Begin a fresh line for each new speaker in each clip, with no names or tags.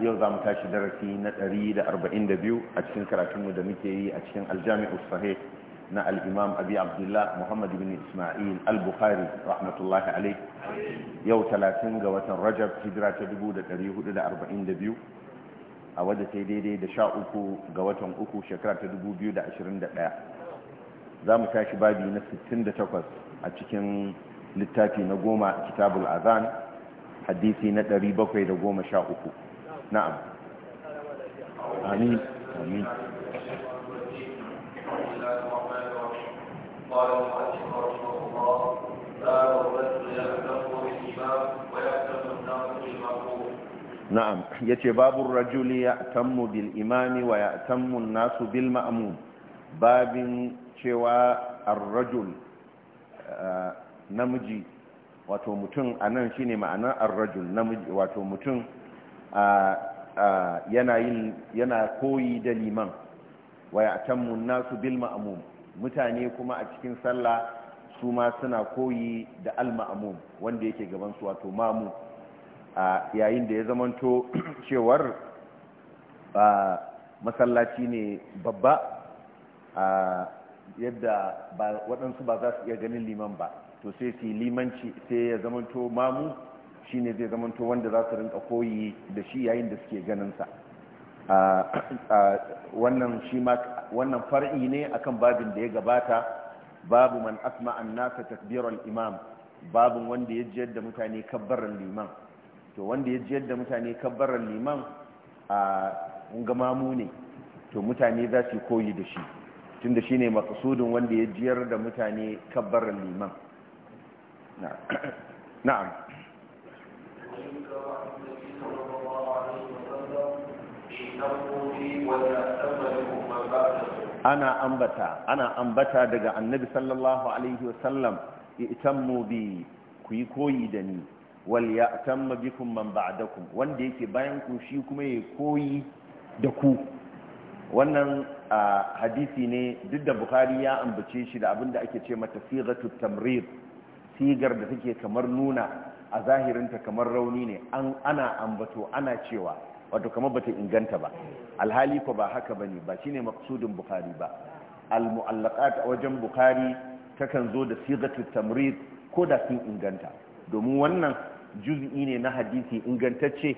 yau za mu tashi darasi na 142 a cikin karatunmu da muke yi a cikin aljami'ar sahih na al'imam abi abdullah muhammad bin ismail al-bukhari rahmatullahi alai yau 30 ga watan rajab hijira ta 442 a wadda ta daidai da 13 ga watan uku shekara ta 2021 za mu tashi babi na 68 a cikin littafi na goma kitabul azan hadisi na 713 na'am amin amin
قال المؤلف رحمه الله لا رغبة يهتم
na'am yace babur rajuli ya'tammu bil imami wa ya'tammu an-nasu bil ma'mum babin cewa ar-rajul eh, namiji wato mutum anan shine ma'anar ar-rajul namiji wato mutum yana koyi da liman waya a can nasu bil ma'amum mutane kuma a cikin sallah su ma suna koyi da al wanda yake gaban su wato mamu yayin da ya zamanto cewar masallaci ne babba yadda waɗansu ba za su iya ganin liman ba to sai su limanci sai ya zamanto mamu Shi ne zai zamanto wanda za su rinka koyi da shi yayin da suke ganinsa wannan shi ma wannan far'i ne akan babin da ya gabata babu man asma annasa takbiran imam Babin wanda ya jiyar da mutane kabbaran liman to wanda ya jiyar da mutane kabbaran liman a gamamu ne to mutane za su koyi da shi tun da shi ne makasudin wanda ya jiyar da mutane kabbaran liman na'am ana ambata ana ambata daga annabi sallallahu alaihi wasallam itammu bi ku yi koyi da ni wal ya'tamma bikum man ba'dakum wanda yake bayan ku shi kuma ya koyi da ku wannan hadisi ne duk da bukhari ya ambace shi da abinda ake ce mata sigatu tamrir sigar da take kamar nuna a zahirinta kamar rauni ne ana ambato ana cewa wato kamar bata inganta ba alhali ko ba haka ba ne ba shine maqsudin bukhari ba almu'allaqat wajen bukhari takan zo da sigatu tamrid ko da sun inganta domin wannan juz'i ne na hadisi ingantacce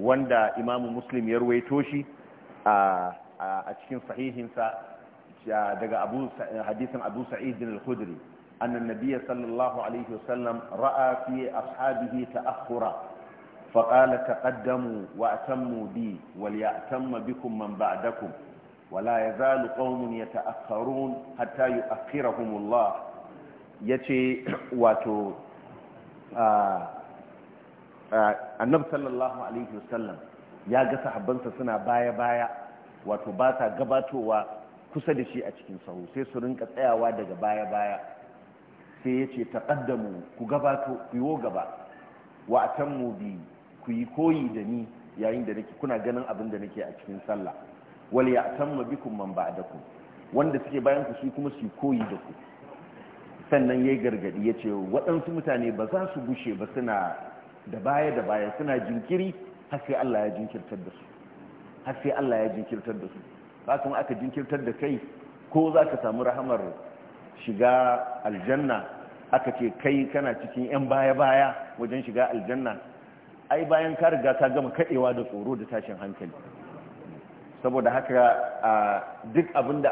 wanda imamu muslim ya ruwaito shi a cikin sahihinsa daga hadisin abu sa'id bin al-khudri أن النبي صلى الله عليه وسلم رأى في أصحابه تأخرا فقال تقدموا وأتموا بي وليأتم بكم من بعدكم ولا يزال قوم يتأخرون حتى يؤخرهم الله يتي واتو النبي صلى الله عليه وسلم ya ga sahabbansa suna baya-baya wato ba sa gabatowa kusa da shi a cikin sahu sai su rinka tsayawa daga baya-baya sai ya ce taƙaddamu ku gabato ku yi gaba wa mu bi ku yi koyi da ni yayin da nake kuna ganin abin da nake a cikin sallah wal ma bikum man ku wanda suke bayan ku su kuma su koyi da ku sannan yayi gargadi ce waɗansu mutane ba za su gushe ba suna da baya da baya suna jinkiri har sai Allah ya jinkirtar da su har sai Allah ya jinkirtar da su aka jinkirtar da kai ko za ka samu rahamar shiga aljanna aka ce kai kana cikin 'yan baya-baya wajen shiga aljanna ai bayan ka riga ka gama kaɗewa da tsoro da tashin hankali saboda haka duk abin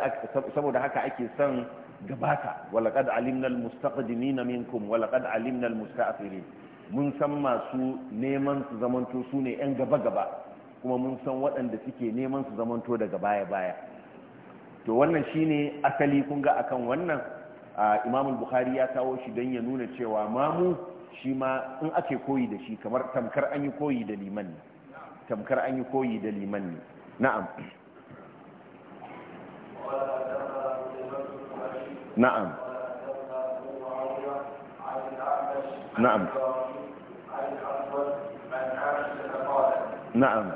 saboda haka ake son gabata walaƙad alimnal mustaqdimina minkum walaƙad alimnal musta'firin mun san masu neman su zamanto su ne 'yan gaba-gaba kuma mun san waɗanda suke neman su zamanto daga baya-baya to wannan shine asali kun ga akan wannan imamul bukhari ya kawo shi don ya nuna cewa mamu shi ma in ake koyi da shi kamar tamkar an yi koyi da liman ne tamkar an yi koyi da liman ne na'am
na'am na'am
na'am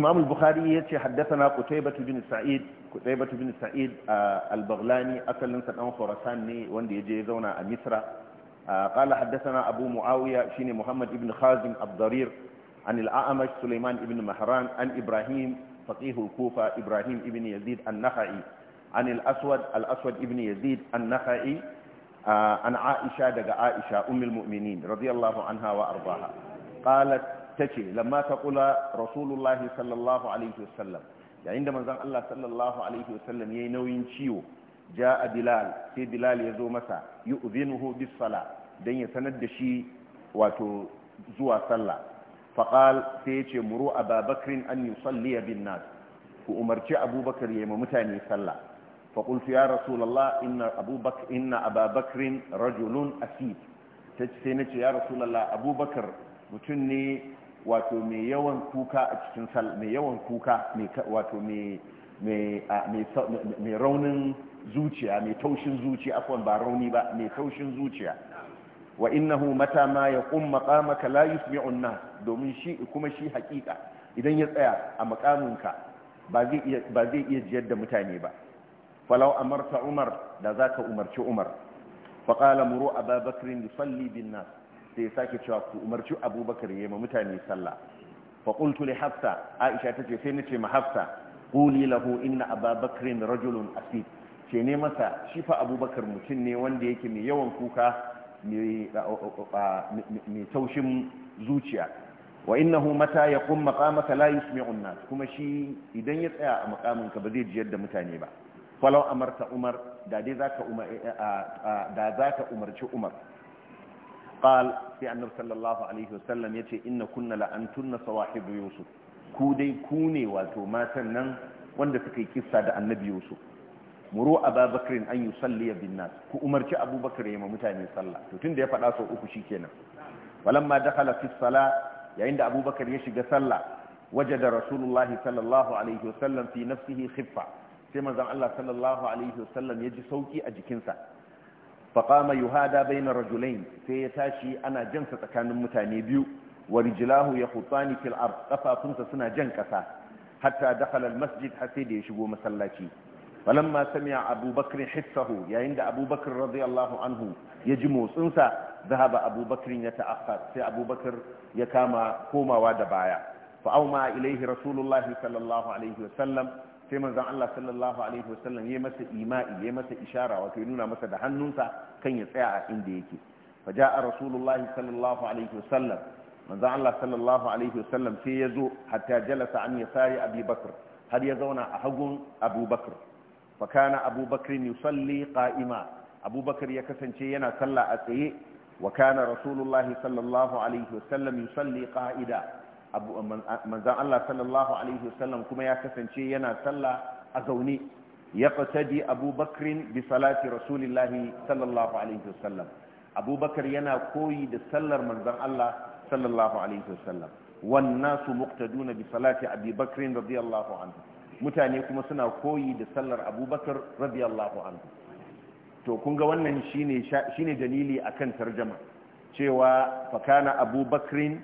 imam al-bukhari ya ce haddathana qutaybah bin sa'id qutaybah bin sa'id al-baghlani asalinsa sa dan khurasan ne wanda yaje ya zauna a misra qala haddathana abu muawiya shine muhammad ibn khazim ad-darir an al-a'mash sulaiman ibn mahran an ibrahim faqih al-kufa ibrahim ibn yazid an-nakhai an al-aswad al-aswad ibn yazid an-nakhai an aisha daga aisha ummul mu'minin radiyallahu anha wa ardaha qalat tace lamma kula rasulullahi sallallahu alaihi wasallam yayin da manzon Allah sallallahu alaihi wasallam yayi nauyin ciwo a bilal sai bilal ya zo masa yu'zinuhu bis sala dan ya sanar da shi wato zuwa sallah faqal sai ya ce muru ababakrin an yusalli bin nas ku umarci abubakar yayi mutane sallah faqultu ya rasulullah inna abubakar inna ababakrin rajulun asib sai nace ya rasulullah abubakar mutum ne wato mai yawan kuka a cikin sal mai yawan kuka wato mai raunin zuciya mai taushin zuciya afwan ba rauni ba mai taushin zuciya wa innahu mata ma ya qum maqamaka la yusmi'u an domin shi kuma shi hakika idan ya tsaya a makaminka ba zai iya ba zai iya jiyar da mutane ba falau amarta umar da zaka umarci umar faqala muru ababakr yusalli bin nas sai ya sake cewa ku umarci abubakar ya yi ma mutane sallah faƙultu li hafsa aisha ta ce sai na ce ma hafsa ƙuli lahu inna ababakarin rajulun asib ce ne masa shi fa abubakar mutum ne wanda yake mai yawan kuka mai taushin zuciya wa innahu mata ya kun makamaka la yusmi'un nas kuma shi idan ya tsaya a makamin ka ba zai jiyar da mutane ba falau amarta umar da dai zaka umar da zaka umarci umar qal sai annabi sallallahu alaihi wasallam yace inna kunna la antunna sawahibu yusuf ku dai ku ne wato matan nan wanda suka yi kissa da annabi yusuf muru ababakar an yi salliya bin nas ku umarci abubakar ya ma mutane sallah to tun ya faɗa sau uku shikenan walamma dakhala fi sala yayin da abubakar ya shiga sallah wajada rasulullahi sallallahu alaihi wasallam fi nafsihi khiffa sai manzon Allah sallallahu alaihi wasallam ya ji sauki a jikinsa faƙama yuhada bainar rajulain sai ya tashi ana jansa tsakanin mutane biyu wa rijilahu ya hutsani fil ard kafafunsa suna jan ƙasa hatta dakhala al masjid har sai da ya shigo masallaci falamma sami'a Abu hissahu yayin da Abubakar radiyallahu anhu ya ji motsin sa zahaba Abubakar ya ta'akhkhar sai Abubakar ya kama komawa da baya fa auma ilaihi rasulullahi sallallahu alaihi sallam. sai manzon Allah sallallahu alaihi wasallam ya masa ima'i ya masa ishara wato ya nuna masa da hannunsa kan ya tsaya a inda yake fa ja'a rasulullahi sallallahu alaihi wasallam manzon Allah sallallahu alaihi wasallam sai ya zo hatta jalasa an yasari Abi Bakr har ya zauna a hagun Abu Bakr fa kana Abu Bakr yusalli qa'ima Abu Bakr ya kasance yana sallah a tsaye wa kana rasulullahi sallallahu alaihi wasallam yusalli qa'ida manzan Allah sallallahu alaihi wasallam kuma ya kasance yana sallah a zaune ya fasadi abubakarin bi salati rasulillahi sallallahu alaihi wasallam abubakar yana koyi da sallar manzan Allah sallallahu alaihi wasallam wannan su muqtaduna bi salati abubakrin radiyallahu anhu mutane kuma suna koyi da sallar abubakar radiyallahu anhu to kun ga wannan shine shine dalili akan tarjama cewa fakana abubakarin.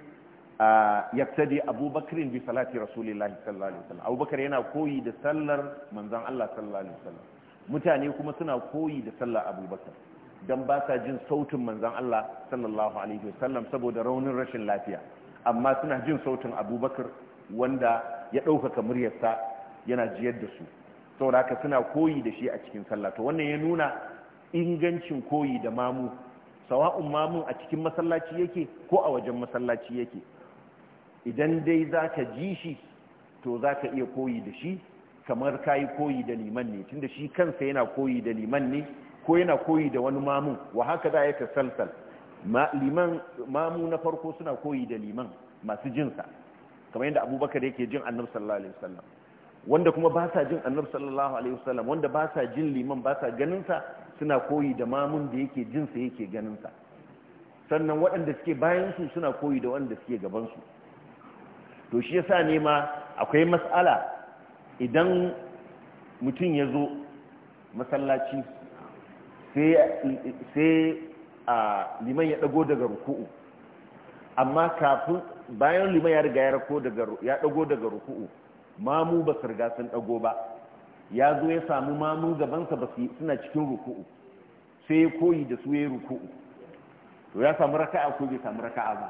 yaktadi abubakar bi salati rasulillahi sallallahu alaihi wasallam abubakar yana koyi da sallar manzon Allah sallallahu alaihi wasallam mutane kuma suna koyi da sallar abubakar don ba sa jin sautin manzon Allah sallallahu alaihi wasallam saboda raunin rashin lafiya amma suna jin sautin abubakar wanda ya ɗaukaka muryarsa yana jiyar da su saboda haka suna koyi da shi a cikin sallah to wannan ya nuna ingancin koyi da mamu sawa'un mamun a cikin masallaci yake ko a wajen masallaci yake idan dai za ka ji shi to za ka iya koyi da shi kamar ka yi koyi da liman ne tunda shi kansa yana koyi da liman ne ko yana koyi da wani mamu wa haka za ya tasalsal liman mamu na farko suna koyi da liman masu jinsa kamar yadda abubakar yake jin annabi sallallahu alaihi wasallam wanda kuma ba sa jin annabi sallallahu alaihi wasallam wanda ba sa jin liman ba sa ganin sa suna koyi da mamun da yake jinsa yake ganin sa sannan waɗanda suke bayan su suna koyi da waɗanda suke gaban su to shi yasa ne ma akwai matsala idan mutum ya zo masallaci sai a liman ya dago daga ruku'u amma kafin bayan liman ya riga ya dago daga ruku'u mamu ba su riga sun dago ba ya zo ya samu mamu gabansa ba suna cikin ruku'u sai koyi da su ya ruku'u to ya samu raka'a ko bai samu raka'a ba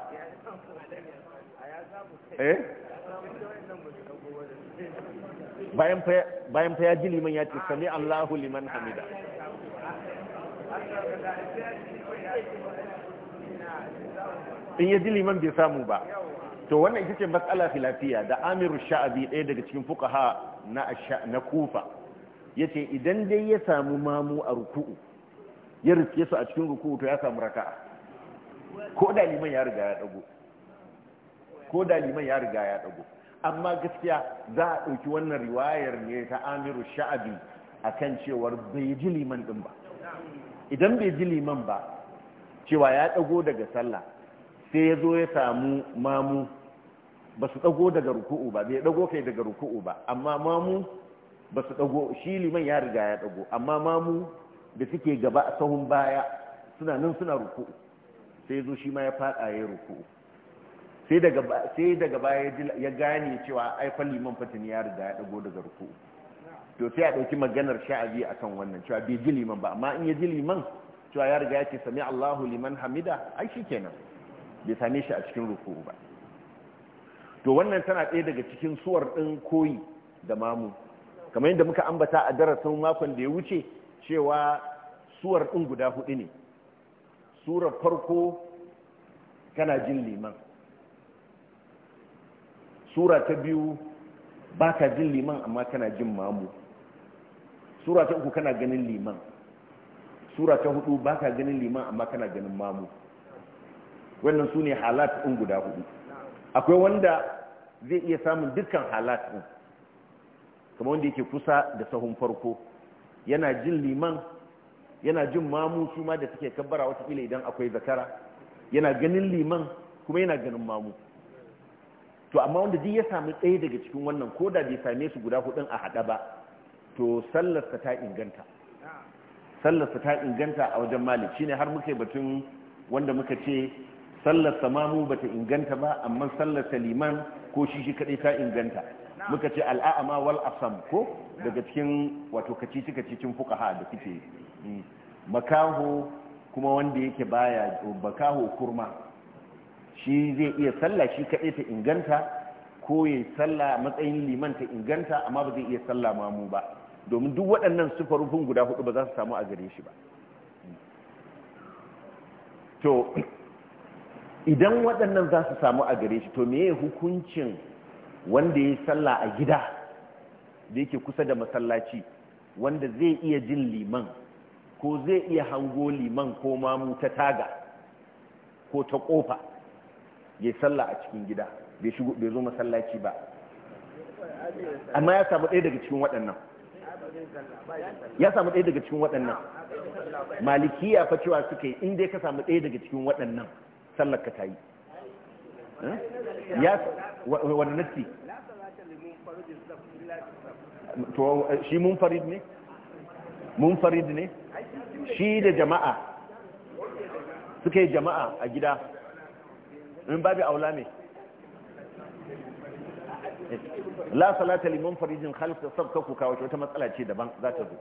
eh bayan
fa ya ji liman ya ce sami Allahu liman hamida in ya ji liman bai samu ba to wannan ita ce matsala filafiya da amiru sha'abi ɗaya daga cikin fukaha na kufa ya ce idan dai ya samu mamu a ruku'u ya riske su a cikin ruku'u to ya samu raka'a ko da liman ya riga ya ɗago ko da liman ya riga ya dago amma gaskiya za a ɗauki wannan riwayar ne ta amiru sha'abi a kan cewar bai ji liman ɗin ba idan bai ji liman ba cewa ya ɗago daga sallah sai ya zo ya samu mamu ba su ɗago daga ruku'u ba bai ɗago kai daga ruku'u ba amma mamu ba su ɗago shi liman ya riga ya ɗago amma mamu da suke gaba a sahun baya suna nan suna ruku'u sai ya zo shi ma ya faɗa ya ruku'u sai daga baya ya gane cewa ai fa liman fatani ya riga ya dago daga ruku to sai a ɗauki maganar sha'abi akan wannan cewa bai ji liman ba amma in ya ji liman cewa ya riga ya ce sami Allahu liman hamida ai shi kenan bai same shi a cikin ruku ba to wannan tana ɗaya daga cikin suwar ɗin koyi da mamu kamar yadda muka ambata a darasin makon da ya wuce cewa suwar ɗin guda hudu ne surar farko kana jin liman sura ta biyu ba ka jin liman amma kana jin mamu sura ta uku kana ganin liman sura ta hudu ba ka ganin liman amma kana ganin mamu wannan su ne halat ɗin guda hudu akwai wanda zai iya samun dukkan halat ɗin kamar wanda yake kusa da sahun farko yana jin liman yana jin mamu su ma da suke kabbara watakila idan akwai zakara yana ganin liman kuma yana ganin mamu to amma wanda duk ya sami ɗaya daga cikin wannan ko da bai same su guda hudun a haɗa ba to sallarsa ta inganta sallarsa ta inganta a wajen malik shine har muke batun wanda muka ce sallarsa mamu bata inganta ba amma sallarsa liman ko shi shi kaɗai ta inganta muka ce ma wal asam ko daga cikin wato kacici kacicin fukaha da suke makaho kuma wanda yake baya makaho kurma shi zai iya sallah shi kaɗai ta inganta ko ya sallah matsayin liman ta inganta amma ba zai iya sallah mamu ba domin duk waɗannan sufarufin guda hudu ba za su samu a gare shi ba to idan waɗannan za su samu a gare shi to meye hukuncin wanda ya sallah a gida da yake kusa da masallaci wanda zai iya jin liman ko zai iya hango liman ko mamu ta taga ko ta kofa ya sallah a cikin gida bai shigo bai zo masallaci ba amma ya samu ɗaya daga cikin waɗannan
ya samu ɗaya daga cikin waɗannan maliki
ya cewa suka yi in dai ka samu ɗaya daga cikin waɗannan sallar ka ta yi
ya wani nasi
to shi farid ne mun farid ne
shi da jama'a
suka yi jama'a a gida in babu aula ne la salata liman farijin khalqa sabka kuka wata matsala ce daban za ta zo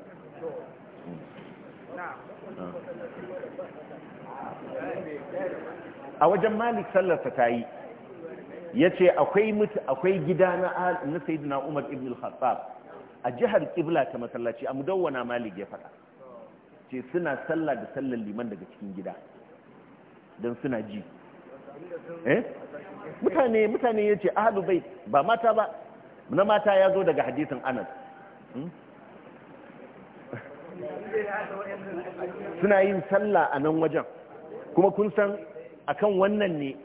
a wajen malik sallarsa ta yi ya ce akwai gida na na umar ibn al-khattab a jihar kibla ta masallaci a mudawwana malik ya faɗa ce suna sallah da sallar liman daga cikin gida don suna ji
Eh? mutane
mutane ya yace ahlul bai ba mata ba na mata ya zo daga hadisin Anas hmm? suna yin sallah a nan wajen kuma kun san akan wannan ne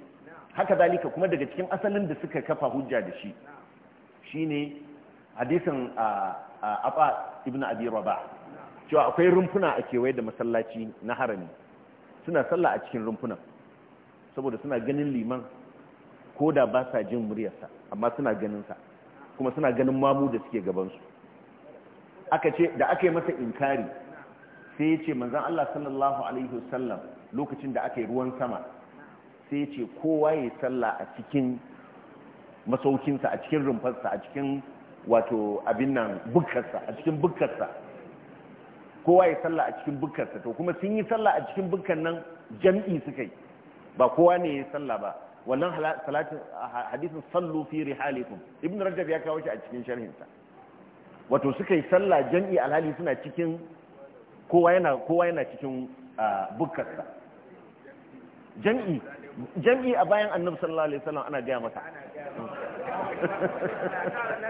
haka dalika kuma daga cikin asalin da suka kafa hujja da shi shi shine hadisin Aba ibn abi rabah cewa akwai rumfuna a kewaye da masallaci na harami suna sallah a cikin rumfunan saboda suna ganin liman ko da ba sa jin muryarsa amma suna ganinsa kuma suna ganin mamu da suke gabansu aka ce da aka yi masa inkari sai ya ce manzan Allah sallallahu alaihi wasallam lokacin da aka yi ruwan sama sai ya ce kowa ya salla a cikin masaukinsa a cikin rumfarsa a cikin wato abin nan sa, a cikin sa. kowa ya salla a cikin bukkarsa to kuma sun yi salla a cikin bukkar nan jam'i suka yi ba kowa ne ya sallah ba wannan salatin ah, hadisin sallu fi rihalikum ibn rajab ya kawo shi a cikin sharhinsa wato suka yi sallah jami'i alhali suna cikin kowa yana kowa yana cikin ah, bukkarsa jami'i jami'i a bayan annabi sallallahu alaihi wasallam ana gaya masa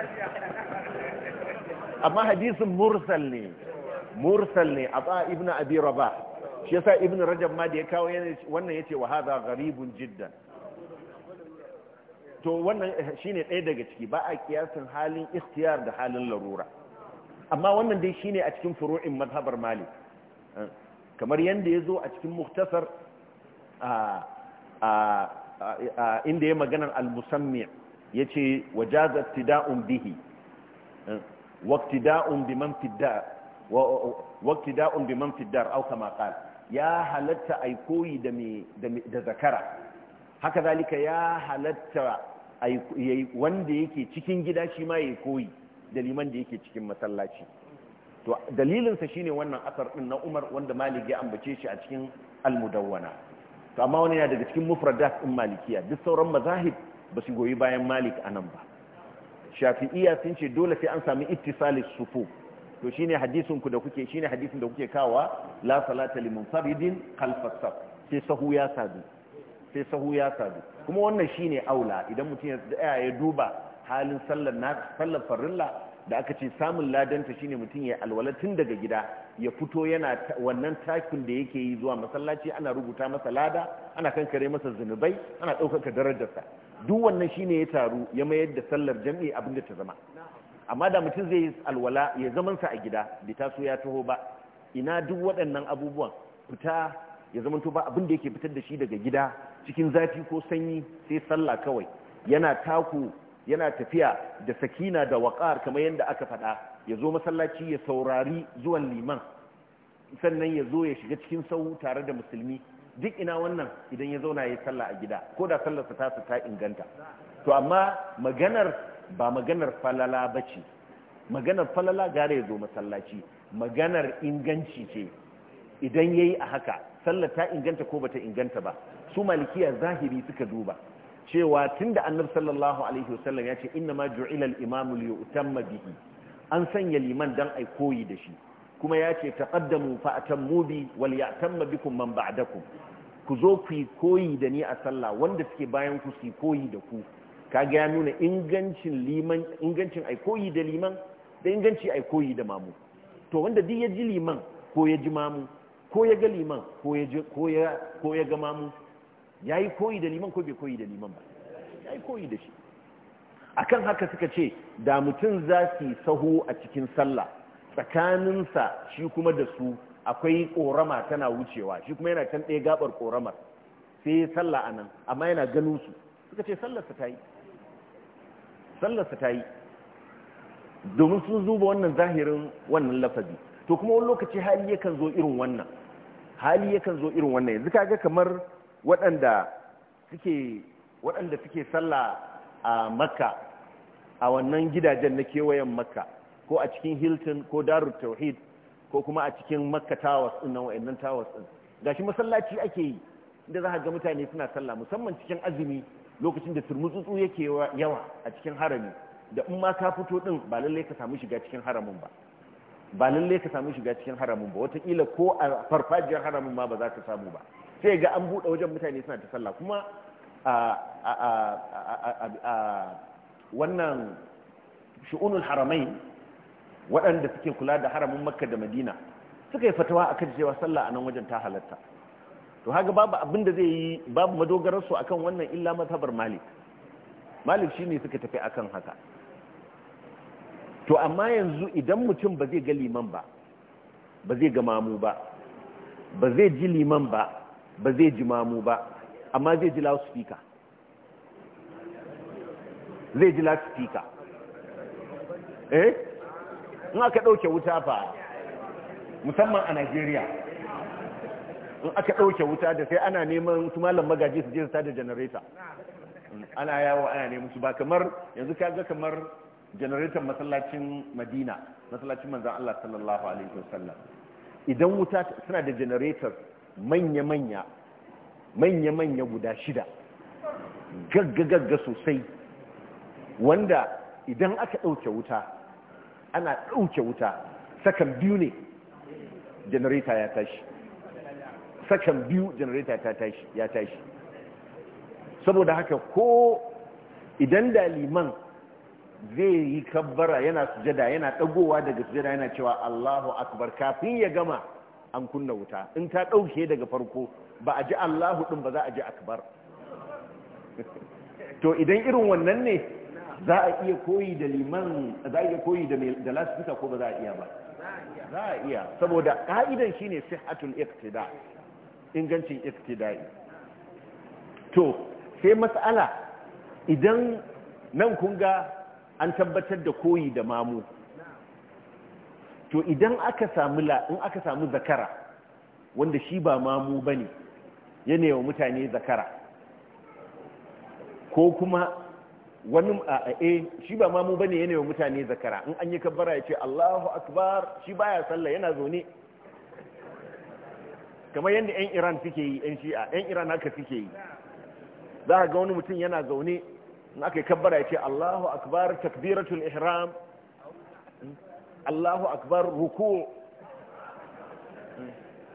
amma
hadisin mursal ne mursal ne a ba ibn abi rabah shi yasa ibn rajab ma da ya kawo wannan yace wa hadha gharibun jiddan to wannan eh, shine ɗaya daga ciki ba a kiyasin halin ikhtiyar da halin larura amma wannan dai shine a cikin furu'in mazhabar malik eh, kamar yanda yazo a cikin muhtasar inda ya maganar al-musammi yace wajaza tida'un bihi eh, waqtida'un biman fidda waqtida'un biman fiddar aw kama qala ya halatta ai koyi da zakara haka zalika ya halatta wanda yake cikin gida shi ma ya koyi da liman da yake cikin masallaci to dalilinsa ne wannan asar din na Umar wanda Malik ya ambace shi a cikin almudawana to amma wani yana daga cikin mufradat in Malikiya duk sauran mazahib ba su goyi bayan Malik a nan ba Shafi'iyya sun ce dole sai an sami ittisalis sufuf to shine hadisin ku da kuke shine hadisin da kuke kawa la salata liman faridin khalfas saf sai sahu ya sadu sai sahu ya sadu kuma wannan shine aula idan mutum ya tsaya ya duba halin sallar na sallar farilla da aka ce samun ladanta shine mutum ya alwala tun daga gida ya fito yana wannan takin da yake yi zuwa masallaci ana rubuta masa lada ana kankare masa zunubai ana ɗaukaka darajarsa duk wannan shine ya taru ya mayar da sallar jam'i abinda ta zama amma da mutum zai yi alwala ya zamansa a gida bai taso ya taho ba ina duk waɗannan abubuwan fita ya zamanto ba abin da yake fitar da shi daga gida cikin zafi ko sanyi sai sallah kawai yana taku yana tafiya da sakina da waƙar kamar yadda aka faɗa ya zo masallaci ya saurari zuwan liman sannan ya zo ya shiga cikin sau tare da musulmi duk ina wannan idan ya zauna ya yi sallah a gida ko da sallarsa ta su ta inganta to amma maganar ba maganar falala ba ce maganar falala gare ya zo masallaci maganar inganci ce idan ya yi a haka sallar ta inganta ko bata inganta ba su malikiya zahiri suka duba cewa tun da annar sallallahu alaihi wasallam ya ce inna ma ju'ilal imamu li yutamma bihi an sanya liman dan ai koyi da shi kuma ya ce taqaddamu fa atammu bi wal ya'tamma bikum man ba'dakum ku zo ku koyi da ni a sallah wanda suke bayan ku su koyi da ku Ka ya nuna ingancin liman ingancin ai koyi da liman da inganci ai koyi da mamu to wanda duk ya ji liman ko ya ji mamu ko ya ga liman ko ya ji ko ya ko ya ga mamu yayi koyi da liman ko bai koyi da liman ba yayi koyi da shi akan haka suka ce da mutun zasu sahu saho a cikin sallah tsakaninsa shi kuma da su akwai korama tana wucewa shi kuma yana can gaɓar gabar koramar sai sallah anan amma yana ganin su suka ce sallarsa ta yi sallarsa ta yi domin sun zuba wannan zahirin wannan lafazi to kuma wani lokaci hali yakan zo irin wannan hali yakan zo irin wannan yanzu kaga kamar waɗanda suke waɗanda suke sallah a makka a wannan gidajen na kewayen makka ko a cikin hilton ko darut tauhid ko kuma a cikin makka towers ɗin nan wa'annan towers ɗin gashi masallaci ake yi inda za ga mutane suna salla musamman cikin azumi lokacin da turmutsutsu yake yawa a cikin harami da in ma ka fito din ba lalle ka samu shiga cikin haramin ba ba lalle ka samu shiga cikin haramin ba watakila ko a farfajiyar haramin ma ba za ka samu ba sai ga an buɗe wajen mutane suna ta sallah kuma a wannan shu'unul haramai waɗanda suke kula da haramin makka da madina suka yi fatawa akan cewa sallah a nan wajen ta halatta to haka babu abin da zai yi babu madogarar su akan wannan illa mazhabar malik malik shine suka tafi akan haka to amma yanzu idan mutum ba zai ga liman ba ba zai ga mamu ba ba zai ji liman ba ba zai ji mamu ba amma zai ji loudspeaker zai ji loudspeaker eh in aka dauke wuta fa musamman a Najeriya in aka ɗauke wuta da sai ana neman su malam magaji su je su tada janareta ana yawo ana neman su ba kamar yanzu ka ga kamar janaratan masallacin madina masallacin manzan allah sallallahu alaihi wasallam idan wuta suna da janaretar manya-manya manya-manya guda shida gagga sosai wanda idan aka ɗauke wuta ana ɗauke wuta sakan biyu ne janareta ya tashi sakan biyu janareta ya tashi saboda haka ko idan da liman zai yi kabbara yana sujada yana dagowa daga sujada yana cewa Allahu akbar kafin ya gama an kunna wuta in ta dauke daga farko ba a ji Allahu din ba za a ji akbar to idan irin wannan ne za a iya koyi da liman za a iya koyi da ko ba za a iya ba za a iya saboda ka'idan shine sihhatul iktida ingancin iktida'i to sai matsala idan nan kun ga an tabbatar da koyi da mamu to idan aka samu la in aka samu zakara wanda shi ba mamu bane yana yawa mutane zakara ko kuma wani a'a'e eh, shi ba mamu bane yana yawa mutane zakara in an yi kabbara ya ce Allahu akbar shi baya sallah yana zaune kamar yadda 'yan iran suke yi 'yan shi'a 'yan iran haka suke yi za a ga wani mutum yana zaune na aka yi kabbara ya ce allahu akbar takbiratul ihram allahu akbar ruku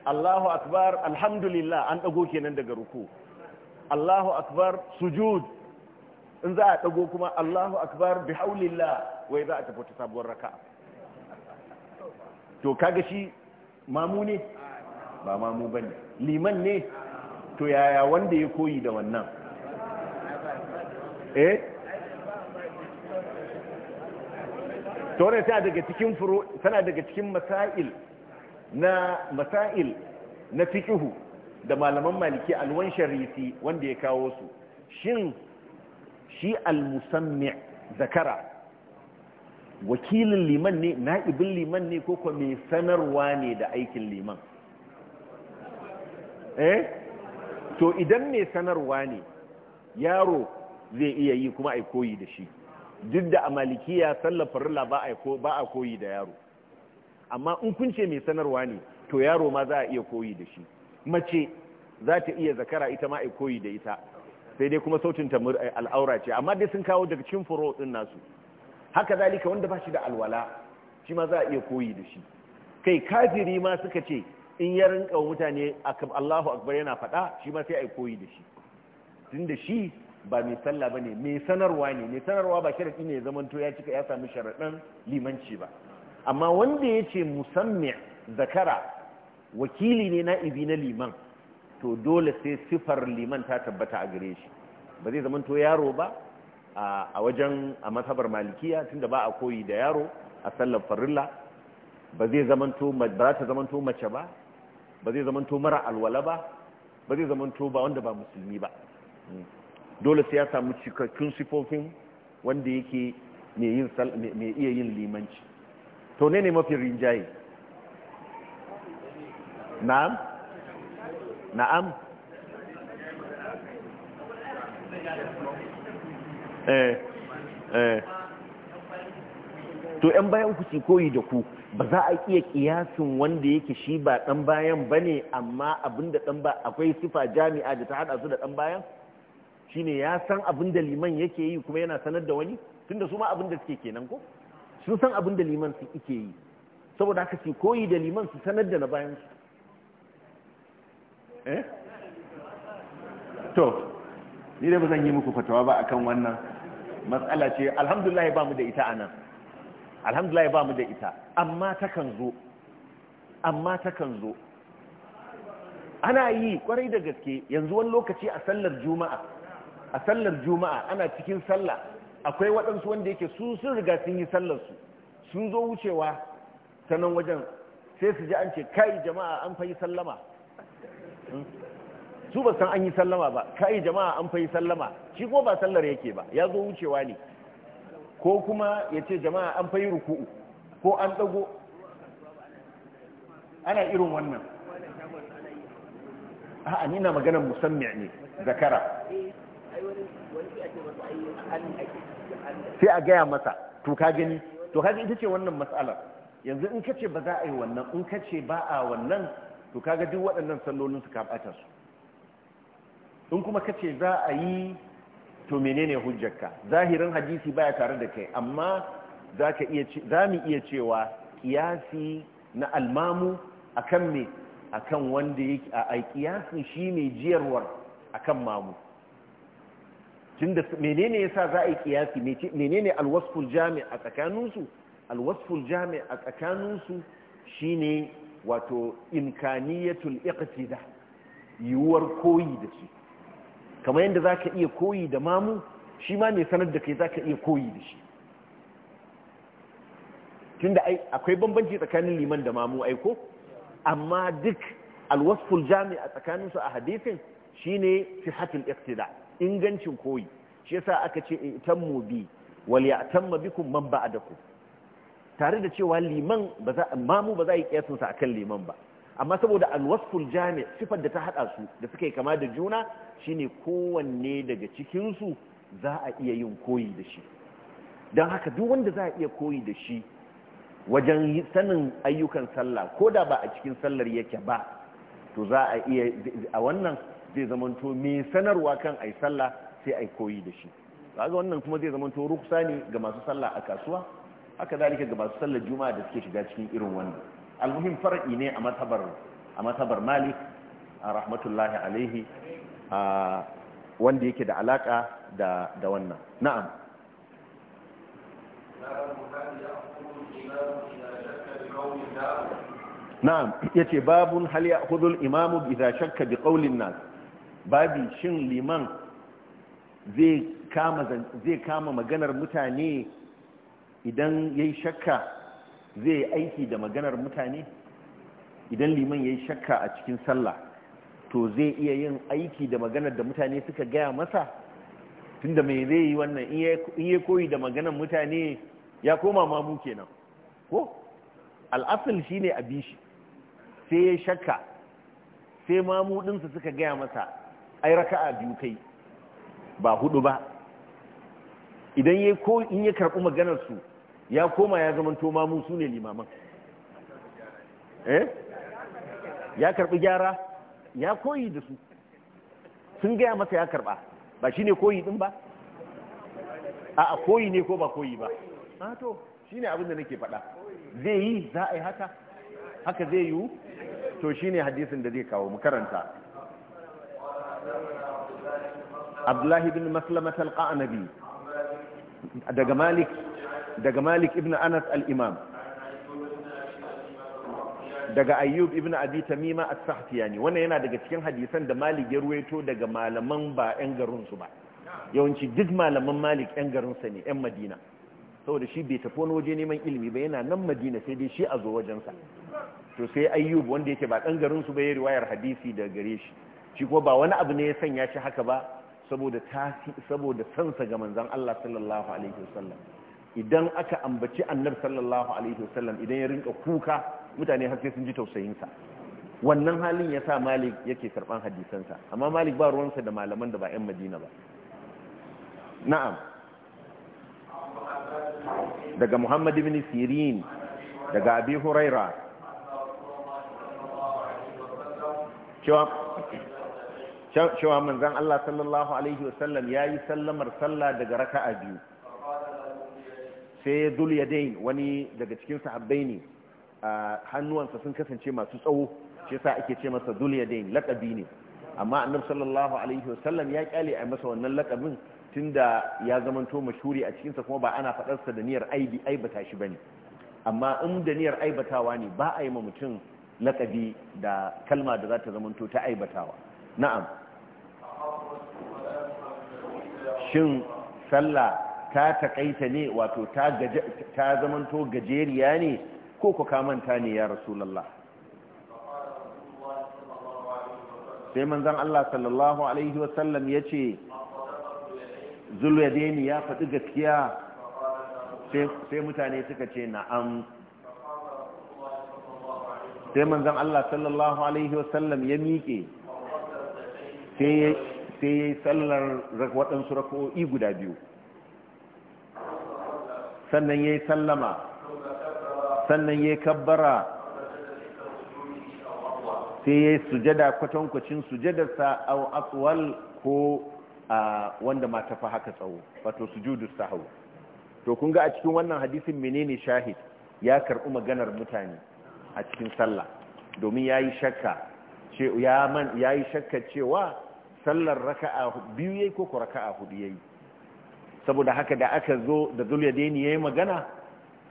allahu akbar alhamdulillah an ɗago kenan daga ruku allahu akbar sujud in za a ɗago kuma allahu akbar bi haulillah wai za a tafi ta sabuwar raka, to kaga shi mamu ba ma mu bane liman ne to yaya wanda ya koyi da wannan
eh tore
ta daga cikin furo tana daga cikin masail na masail na fiqhu da malaman maliki alwan sharisi wanda ya kawo su shin shi almusammi zakara wakilin liman ne na'ibin liman ne ko kuma mai sanarwa ne da aikin liman eh to idan mai sanarwa ne yaro zai iya yi kuma a koyi da shi duk da a malikiya sallar farilla ba a koyi da yaro amma in kunce ce mai sanarwa ne to yaro ma za a iya koyi da shi mace za ta iya zakara ita ma a koyi da ita sai dai kuma sautin ta al'aura ce amma dai sun kawo daga cikin furo din nasu haka zalika wanda ba shi da alwala shi ma za a iya koyi da shi kai kafiri ma suka ce in ya rinka mutane Allahu akbar yana faɗa shi ma sai a yi koyi da shi tun da shi ba mai sallah ne mai sanarwa ne mai sanarwa ba sharadi ne zamanto ya cika ya sami sharaɗan limanci ba amma wanda ya ce musammi zakara wakili ne na'ibi na liman to dole sai siffar liman ta tabbata a gare shi ba zai zamanto yaro ba a wajen a masabar malikiya da ba a koyi da yaro a sallar farilla ba zai zamanto mace ba ba zai zamanto mara alwala ba ba zai to ba wanda ba musulmi ba dole sai ya samu cikakkun sifofin wanda yake mai iya yin limanci to ne ne mafi rinjaye na'am na'am eh eh to 'yan bayan ku koyi da ku ba za a iya kiyasin wanda yake shi ba dan bayan bane amma abin da dan ba akwai sifa jami'a da ta hada su da dan bayan shine ya san abin da liman yake yi kuma yana sanar da wani tunda su ma da suke kenan ko sun san abin da liman su yake yi saboda haka ce koyi da liman su sanar da na bayan su eh to ni dai ba zan yi muku fatawa ba akan wannan matsala ce alhamdulillah ba mu da ita anan alhamdulahi ba mu da ita amma takan zo amma kan zo ana yi kwarai da gaske yanzu wani lokaci a sallar juma'a a sallar juma'a ana cikin sallah akwai waɗansu wanda yake su sun riga sun yi sallarsu sun zo wucewa ta nan wajen sai su ji an ce kai jama'a an fa yi sallama hmm? su ba san an yi sallama ba kai jama'a an fa yi sallama shi ko ba sallar yake ba ya zo wucewa ne ko kuma ya ce jama'a an fayi ruku'u ko an dago ana irin wannan a'a ni na maganar musamman ne zakara sai a gaya masa to ka gani to kaga ita ce wannan matsalar yanzu in kace ba za a yi wannan in kace ba a wannan to kaga duk waɗannan sallolin su ka su in kuma kace za a yi to menene hujjarka zahirin hadisi baya tare da kai amma zaka iya za mu iya cewa kiyasi na almamu akan me akan wanda yake a kiyasi shine jiyarwar akan mamu tunda menene yasa za a yi kiyasi menene alwasful jami' a tsakaninsu alwasful jami' a tsakaninsu shine wato imkaniyatul iqtida yiwuwar koyi da shi kamar yadda za ka iya koyi da mamu shi ma mai sanar da kai za ka iya koyi da shi tun da akwai bambanci tsakanin liman da mamu aiko amma duk alwasful jami a su a hadisin shi ne fi hatin ikhtida ingancin koyi shi yasa aka ce itammu bi wal ya'tamma bikum man ba'dakum tare da cewa liman ba za mamu ba za yi kiyasinsa akan liman ba amma saboda alwasful jami sifar da ta hada su da suka yi kama da juna shine kowanne daga cikinsu za a iya yin koyi da shi don haka duk wanda za a iya koyi da shi wajen sanin ayyukan sallah ko da ba a cikin sallar yake ba to za a iya a wannan zai zamanto mai sanarwa kan ai sallah sai ai koyi da shi kaga wannan kuma zai zamanto ruksa ne ga masu sallah a kasuwa haka zalika ga masu sallar juma'a da suke shiga cikin irin wannan almuhim far'i ne a matabar a matabar malik a rahmatullahi alaihi a wanda yake da alaka da da wannan na'am na'am yace babun hal ya'khudhu al-imamu idha shakka bi qawli an-nas babi shin liman zai kama maganar mutane idan yayi shakka zai yi aiki da maganar mutane idan liman ya yi shakka a cikin sallah to zai iya yin aiki da maganar da mutane suka gaya masa tunda mai zai yi wannan in ya koyi da maganar mutane ya koma mamu kenan ko al'asul ne a bishi sai ya shakka sai mamu ɗinsa suka gaya masa ai raka a biyu kai ba hudu ba idan ya karɓi in ya karɓi maganarsu ya koma ya zama to mamu su ne limaman eh ya karbi gyara ya koyi da su sun gaya masa ya karba ba shine koyi din ba a koyi ne ko ba koyi ba a ah, to shine abin da nake faɗa zai yi za a yi haka haka zai yi to shine hadisin da zai kawo makaranta karanta Abdullahi bin Maslamat al-Qanabi daga Malik daga malik ibn anas al-imam daga ayyub ibn abi tamima as-sahtiyani wannan yana daga cikin hadisan da malik ya ruwaito daga malaman ba yan garin su ba yawanci duk malaman malik yan garin sa ne yan madina saboda shi bai tafi wani waje neman ilimi ba yana nan madina sai dai shi a zo wajen sa to sai ayyub wanda yake ba dan garin su ba ya riwayar hadisi daga gare shi shi ko ba wani abu ne ya sanya shi haka ba saboda tasi saboda sansa ga manzon Allah sallallahu alaihi wasallam idan aka ambaci annar sallallahu alaihi wasallam idan ya rinka kuka mutane har sai sun ji tausayinsa wannan halin ya sa malik yake karban hadisansa amma malik ba ruwansa da malaman da ba 'yan madina ba na'am daga muhammad ibn sirin daga abi huraira cewa manzan allah sallallahu alaihi wasallam ya yi sallamar sallah daga raka'a biyu sai ya dul yadain wani daga cikin sahabbai ne hannuwansa sun kasance masu tsawo shi sa ake ce masa dul yadain laqabi ne amma annabi sallallahu alaihi wasallam ya kyale a masa wannan laqabin tunda ya zamanto mashuri a cikinsa kuma ba ana fadar sa da niyyar aibata shi ba ne amma in da niyar aibatawa ne ba a yi ma mutum lakabi da kalma da za ta zamanto ta aibatawa na'am shin sallah ta takaita ne wato ta zamanto gajeriya ne ko ku manta ne ya rasulallah sai manzan Allah sallallahu alaihi wasallam ya ce zulwadeni ya faɗi gaskiya sai mutane suka ce na'am sai manzan Allah sallallahu alaihi wasallam ya miƙe sai ya yi sallar waɗansu rako'i guda biyu sannan ya yi sallama sannan ya yi kabbara sai ya yi sujada kwatankwacin sujadarsa a akwal ko wanda ma tafi haka tsawo wato sujudu sahau to kun ga a cikin wannan hadisin menene shahid ya karɓi maganar mutane a cikin sallah domin ya yi shakka ya yi shakka cewa sallar raka'a biyu yayi ko raka'a hudu yayi saboda haka da aka zo da zuliyadeni ya yi magana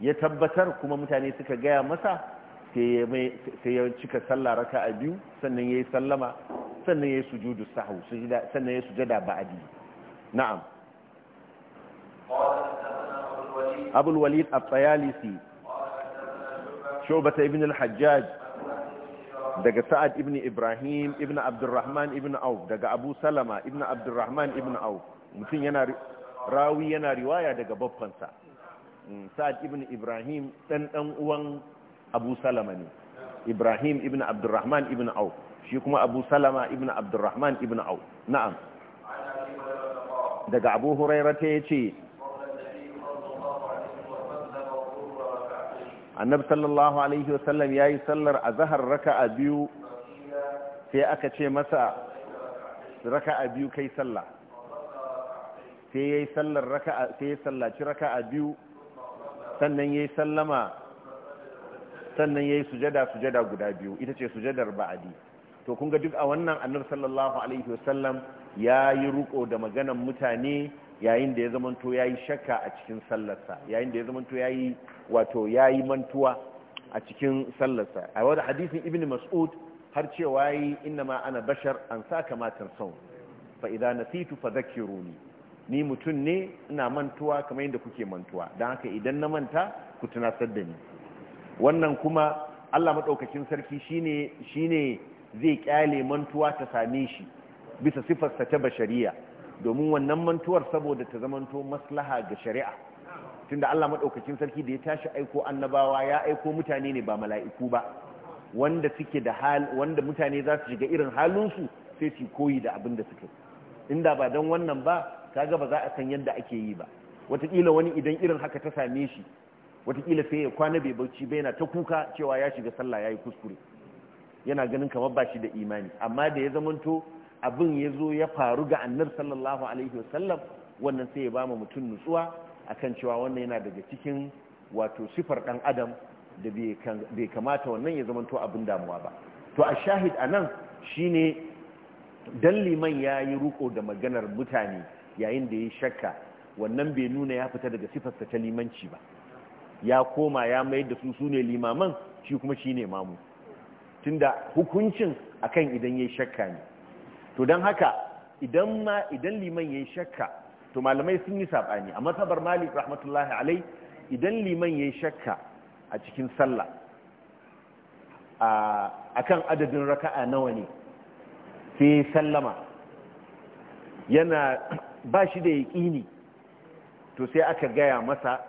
ya tabbatar kuma mutane suka gaya masa sai ya cika sallah raka a biyu sannan ya yi sallama sannan ya yi sujudu sahu sannan ya yi sujada ba'adi na'am abul walid at-tayalisi shubata ibn al-hajjaj daga sa'ad ibn ibrahim ibn abdurrahman ibn auf daga abu salama ibn abdurrahman ibn auf mutum yana rawi yana riwaya daga babbansa mm, sa'ad ibn ibrahim dan dan uwan abu salama ne ibrahim ibn abdurrahman ibn au shi kuma abu salama ibn abdurrahman ibn au na'am daga abu hurairata ya ce annab sallallahu alaihi wasallam ya yi sallar a zahar raka a biyu sai aka ce masa raka a biyu kai sallah sai ya yi sallar raka'a sai ya sallaci raka'a biyu sannan ya yi sallama sannan ya yi sujada sujada guda biyu ita ce sujadar ba'adi to kun ga duk a wannan annar sallallahu alaihi wasallam ya yi ruko da maganan mutane yayin da ya zamanto ya yi shakka a cikin sallarsa yayin da ya zamanto ya yi wato ya yi mantuwa a cikin sallarsa a wadda hadisin ibn mas'ud har cewa yi inna ma ana bashar an sa kamatar sau fa idan nasitu fa zakiruni ni mutum ne ina mantuwa kamar yadda kuke mantuwa don haka idan na manta ku tunatar da ni wannan kuma Allah maɗaukacin sarki shine ne zai kyale mantuwa ta same shi bisa sifarsa ta bashariya domin wannan mantuwar saboda ta zamanto maslaha ga shari'a tunda Allah maɗaukacin sarki da ya tashi aiko annabawa ya aiko mutane ne ba mala'iku ba wanda suke da hal wanda mutane za su shiga irin halinsu sai su koyi da abin da suke inda ba don wannan ba kaga ba za a san yadda ake yi ba watakila wani idan irin haka ta same shi watakila sai ya kwana bai bauchi bai yana ta kuka cewa ya shiga sallah ya yi kuskure yana ganin kamar ba shi da imani amma da ya zamanto abin ya zo ya faru ga annar sallallahu alaihi wasallam wannan sai ya ba mu mutum nutsuwa akan cewa wannan yana daga cikin wato sifar dan adam da bai kamata wannan ya zamanto abin damuwa ba to a shahid anan shine dan liman ya yi ruko da maganar mutane yayin da ya shakka wannan bai nuna ya fita daga sifarsa ta limanci ba ya koma ya mayar da su sune limaman shi kuma shi ne mamu tunda hukuncin akan idan ya shakka ne to don haka idan ma idan liman ya shakka to malamai sun yi saɓani a matsabar malik rahmatullahi alai idan liman ya shakka a cikin sallah a kan adadin raka'a nawa ne sai sallama yana ba shi da yaƙini to sai aka gaya masa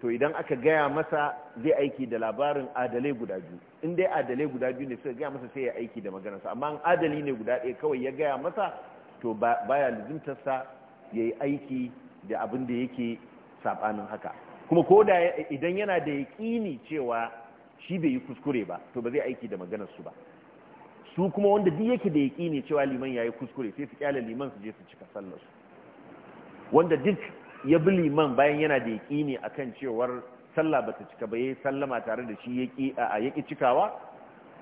to idan aka gaya masa zai aiki da labarin adalai guda biyu in dai adalai guda biyu ne suka gaya masa sai ya aiki da maganarsa amma an adali ne guda ɗaya kawai ya gaya masa to baya lizimtarsa ya yi aiki da abin da yake saɓanin haka kuma ko da idan yana da yaƙini cewa shi bai yi kuskure ba to ba zai aiki da maganarsu ba su kuma wanda duk yake da yaƙini cewa liman ya yi kuskure sai su kyale liman su je su cika sallarsu wanda duk ya bi liman bayan yana da ne a kan cewar sallah ba ta cika ba ya sallama tare da shi ya ƙi cikawa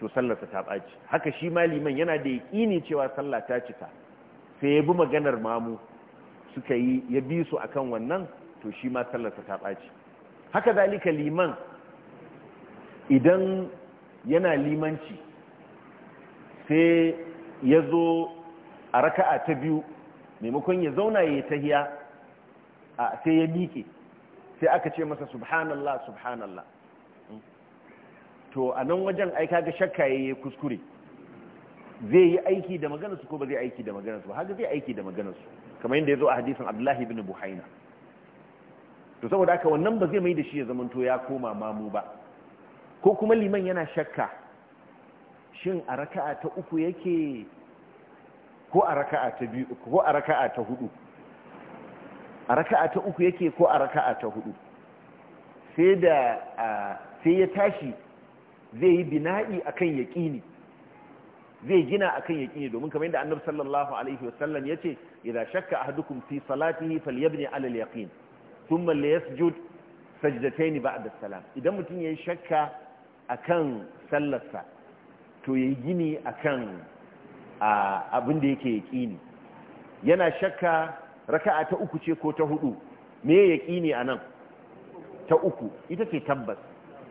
to sallarsa ta ɓaci haka shi ma liman yana da ne cewa sallah ta cika sai ya bi maganar mamu suka yi ya bi su akan wannan to shi ma sallarsa ta ɓaci haka zalika liman idan yana limanci sai ya zo a raka'a ta biyu maimakon ya zauna ya yi tahiya sai ya miƙe sai aka ce masa subhanallah subhanallah to a nan wajen aika ga shakka ya yi kuskure zai yi aiki da maganarsu ko ba zai aiki da maganarsu ba haka zai aiki da maganarsu kamar yadda ya zo a hadisin abdullahi ibn buhaina to saboda haka wannan ba zai mai da shi ya zamanto ya koma mamu ba ko kuma liman yana shakka shin a raka'a ta uku yake ko a raka'a ta biyu ko a raka'a ta hudu a raka'a ta uku yake ko a raka'a ta hudu sai da sai ya tashi zai yi bina'i akan yaqini zai gina akan yaqini domin kamar yadda Annabi sallallahu alaihi wasallam yace idza shakka ahadukum fi salatihi falyabni ala al-yaqin thumma liyasjud sajdatayn ba'da as-salam idan mutum yayi shakka akan sallarsa to yayi gini akan abin da yake yaƙini yana shakka raka'a ta uku ce ko ta hudu me ya yaƙini a nan ta uku ita ce tabbas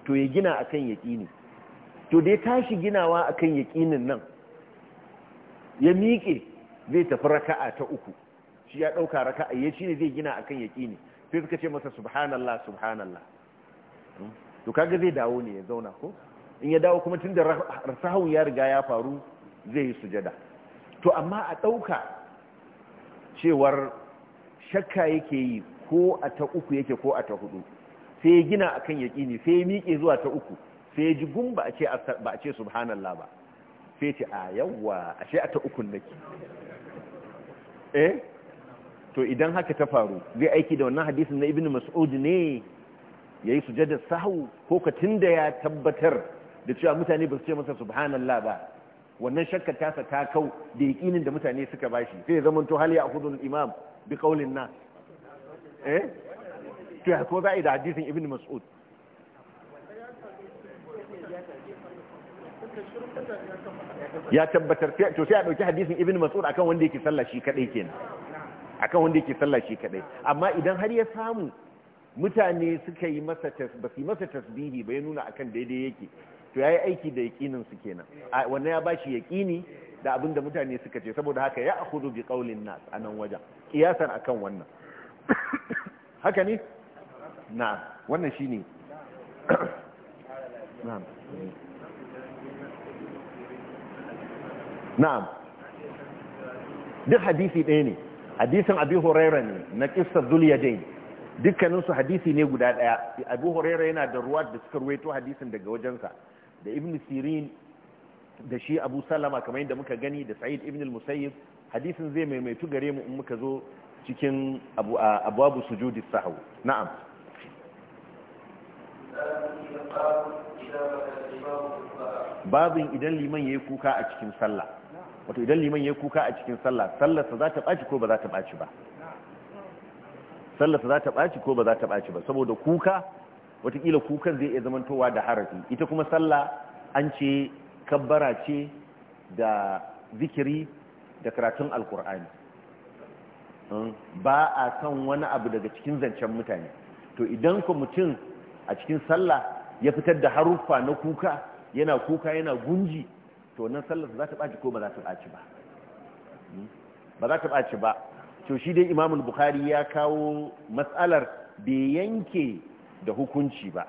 to ya gina akan yaƙini to dai tashi ginawa akan yaƙinin nan ya miƙe zai tafi raka'a ta uku shi ya ɗauka raka'a ya shi ne zai gina akan yaƙini sai suka ce masa subhanallah subhanallah hmm? to kaga zai dawo ne ya zauna ko in ya dawo kuma tun da sahun ya riga ya faru zai yi sujada to amma a ɗauka cewar shakka yake yi ko a ta uku yake ko a ta hudu sai ya gina akan yaƙini sai ya miƙe zuwa ta uku sai ya ji gun ba a ce subhanallah ba sai ce a yawwa a ce a ta ukun nake eh to idan haka ta faru zai aiki da wannan hadisin na Ibnu mas'ud ne ya yi sujada sahu ko ka tunda ya tabbatar da cewa mutane ba su ce masa subhanallah ba wannan shakka tasa ta kau da yaƙinin da mutane suka bashi sai ya zamanto hali a hudun imam bi kaulin na eh to ya ko za a yi da hadisin ibn mas'ud ya tabbatar to sai a ɗauki hadisin ibn mas'ud akan wanda yake sallah shi kadai kenan akan wanda yake sallah shi kadai amma idan har ya samu mutane suka yi masa masa tasbihi ba ya nuna akan daidai yake to yayi aiki da yaqinin su kenan wannan ya shi yaqini da abin da mutane suka ce saboda haka ya akhudhu bi qawlin nas anan wajen a akan wannan haka ne na wannan shine
na'am
na'am duk hadisi ɗaya ne hadisin abi huraira ne na kissar zuliyadain dukkaninsu hadisi ne guda ɗaya Abi huraira yana da ruwa da suka ruwaito hadisin daga wajensa da ibn sirin da shi abu salama kamar yadda muka gani da sa'id ibn musayyib hadisin zai maimaitu gare mu in muka zo cikin abu abu sujudi sahwi na'am babin idan liman yayi kuka a cikin sallah wato idan liman yayi kuka a cikin sallah sallar sa za ta baci ko ba za ta baci ba sallar sa za ta baci ko ba za ta baci ba saboda kuka watakila kukan zai iya zamantowa da harafi ita kuma sallah an ce kabbara ce da zikiri da karatun alkur'ani hmm? ba a san wani abu daga cikin zancen mutane to idan ku mutum a cikin sallah ya fitar da haruffa na kuka yana kuka yana gunji to nan sallar za ta ɓaci ko ba za ta ɓaci ba hmm? ba za ta ɓaci ba to shi dai imamul bukhari ya kawo matsalar bai yanke da hukunci ba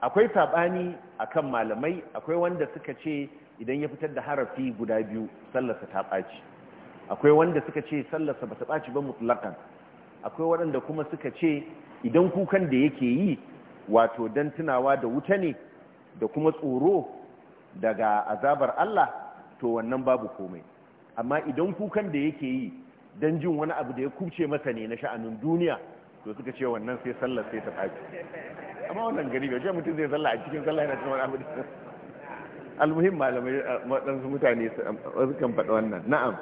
akwai saɓani akan malamai akwai wanda suka ce idan ya fitar da harafi guda biyu sallarsa ta ɓaci akwai wanda suka ce sallarsa ba ta ɓaci ba mutlakan akwai waɗanda kuma suka ce idan kukan da yake yi wato don tunawa da wuta ne da kuma tsoro daga azabar Allah to wannan babu komai amma idan kukan da yake yi don jin wani abu da ya kubce masa ne na sha'anin duniya to suka ce wannan sai sallar sai ta faɗi amma wannan gari ga mutum zai sallah a cikin sallah yana cikin wani almuhim malamai waɗansu mutane sukan faɗa wannan na'am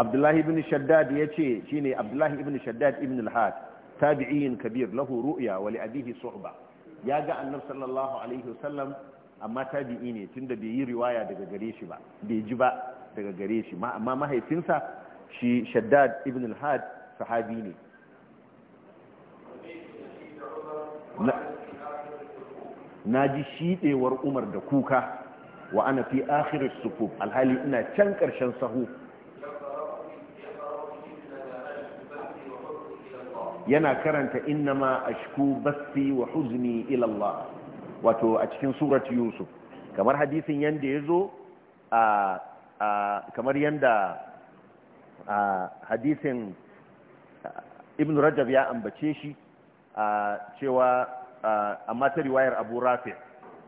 abdullahi ibn shaddad ya ce shi ne abdullahi ibn shaddad ibn al-had tabi'in kabir lahu ru'ya wa li abihi su'ba ya ga annab sallallahu alaihi wasallam amma tabi'i ne tunda bai yi riwaya daga gare shi ba bai ji ba daga gare shi amma mahaifinsa shi shaddad ibn al-had sahabi ne na ji shiɗewar umar da kuka wa ana fi akhirar sufuf alhali ina can ƙarshen sahu
yana karanta
innama ashku basti wa huzni ilallah wato a cikin surat yusuf kamar hadisin yadda ya zo kamar yadda. a hadisin ibn rajab ya ambace shi a cewa amma ta riwayar abu rafi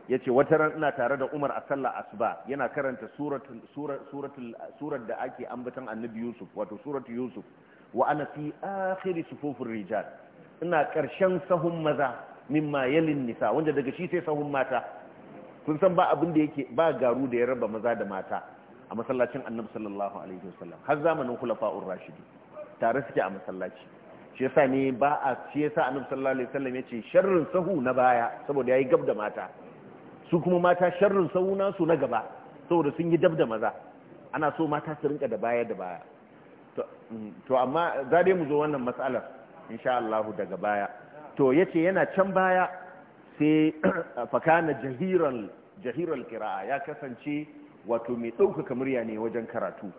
ya ce wata ran ina tare da umar a sallah asuba yana karanta surat da ake ambatan annabi yusuf wato suratu yusuf wa ana fi akhiri sufufin rijal ina karshen sahun maza mimma yalin nisa wanda daga shi sai sahun mata kun san ba abin da yake ba garu da ya raba maza da mata a masallacin annabi sallallahu alaihi wasallam har zamanin khulafa'ur rashidi tare suke a masallaci shi yasa ne ba a shi yasa annabi sallallahu alaihi wasallam yace sharrin sahu na baya saboda yayi gab mata su kuma mata sharrin sahu nasu na gaba saboda sun yi dab da maza ana so mata su rinka da baya da baya to mm, amma za dai mu zo wannan matsalar insha Allah daga baya to yace yana can baya sai fakana jahiran jahiral qira'a ya kasance wato mai ɗaukaka murya ne wajen karatu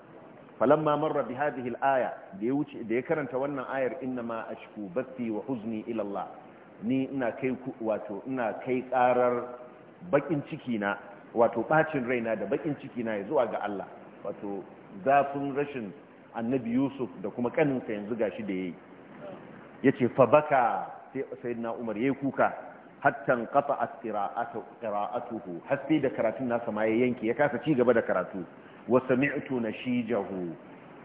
falamma marra bi hadhihi aya da ya wuce da ya karanta wannan ayar inna ma ashku bathi wa huzni ila ni ina kai wato ina kai karar bakin ciki na wato bacin raina da bakin ciki na zuwa ga Allah wato zafin rashin annabi Yusuf da kuma kaninsa yanzu gashi da yayi yace fa baka sai sayyidina Umar yayi kuka hatta kafa a qira'atuhu har da karatun nasa ma ya yanke ya kasa ci gaba da karatu wasu na sami'tu nashijahu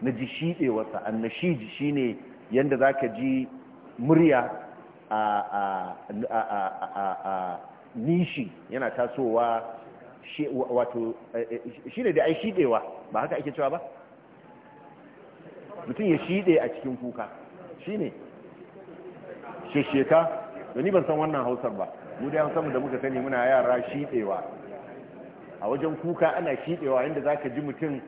naji shibe wasa ne yadda za ka ji murya a a nishi yana tasowa wato eh, eh, shi ne da ai shiɗewa ba haka ake cewa ba mutum ya shiɗe a cikin kuka shi shine
shesheka
to ni ban san wannan hausar ba mu da hausar da muka sani muna yara shiɗewa a wajen kuka ana shiɗewa inda za ka ji mutum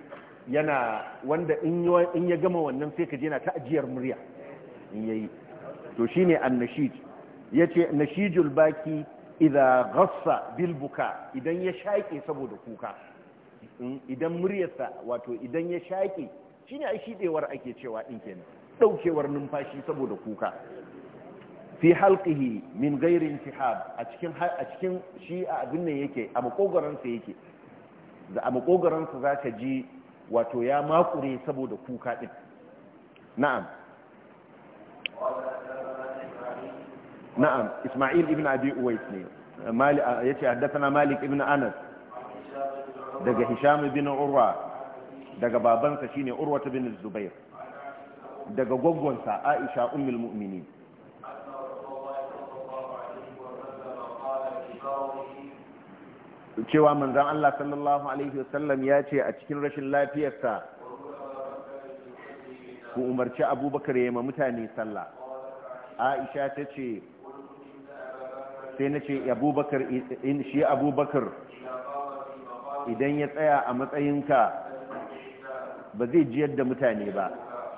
yana wanda in ya gama wannan sai ka je na ta ajiyar murya in yayi to shine Ya yace nashijul baki idza ghassa bil buka idan ya shaƙe saboda kuka hmm? idan muryarsa wato idan ya shaƙe shine ai shidewar ake cewa din kenan daukewar numfashi saboda kuka fi halqihi min ghairi intihab a cikin a cikin shi a abin nan yake a makogaran sa yake da a makogaran sa zaka ji wato ya makure saboda kuka din na'am na'am isma'il ibn abi uwais ne mali yace haddathana malik ibn anas daga hisham ibn urwa daga babansa shine urwa ibn zubair daga gwaggonsa aisha ummul mu'minin cewa manzan Allah sallallahu Alaihi wasallam ya ce a cikin rashin lafiyarsa ku umarci abubakar ya ma mutane sallah aisha ta ce sai na ce abubakar in shi abubakar idan ya tsaya a matsayinka ba zai jiyar da mutane ba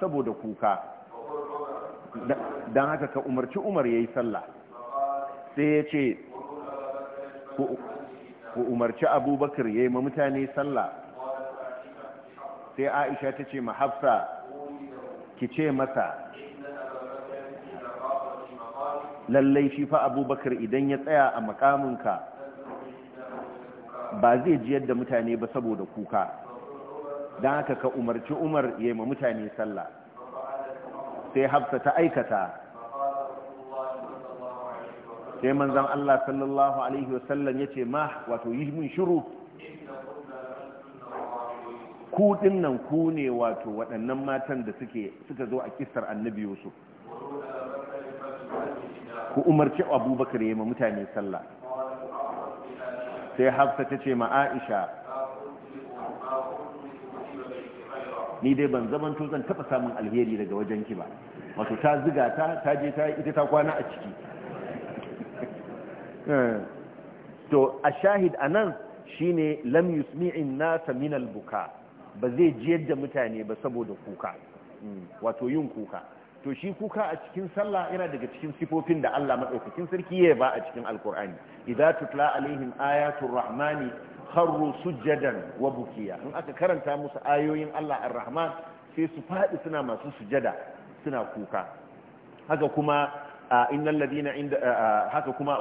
saboda kuka don haka ka umarci umar ya yi sallah sai ya ce ku umarci abubakar ya yi ma mutane sallah sai aisha ta ce ma hafsa ki ce masa lallai shi fa abubakar idan ya tsaya a makamunka ba zai ji yadda mutane ba saboda kuka don haka ka umarci umar ya yi ma mutane sallah sai hafsa ta aikata sai manzan Allah sallallahu alaihi wasallam ce ma wato yi mun shiru ku nan ku ne wato waɗannan matan da suke suka zo a kissar annabi Yusuf ku umarci Abubakar ma mutane sallah sai Hafsa ta ce ma Aisha ni dai ban zaman zan taɓa samun alheri daga wajen ki ba wato ta ziga ta ta je ta ita ta kwana a ciki Eh. to a shahid a nan shi ne lam yusmi'in nasa minal buka ba zai jiyar da mutane ba saboda kuka hmm. wato yin kuka to shi kuka a cikin sallah yana daga cikin sifofin da Allah maɗaukacin sarki ya ba a cikin alkur'ani idza tutla alaihim ayatul rahmani kharru sujadan wa bukiya in aka karanta musu ayoyin Allah ar-rahman sai su fadi suna masu sujada suna kuka haka kuma آه، آه، إن الذين عند هاتكما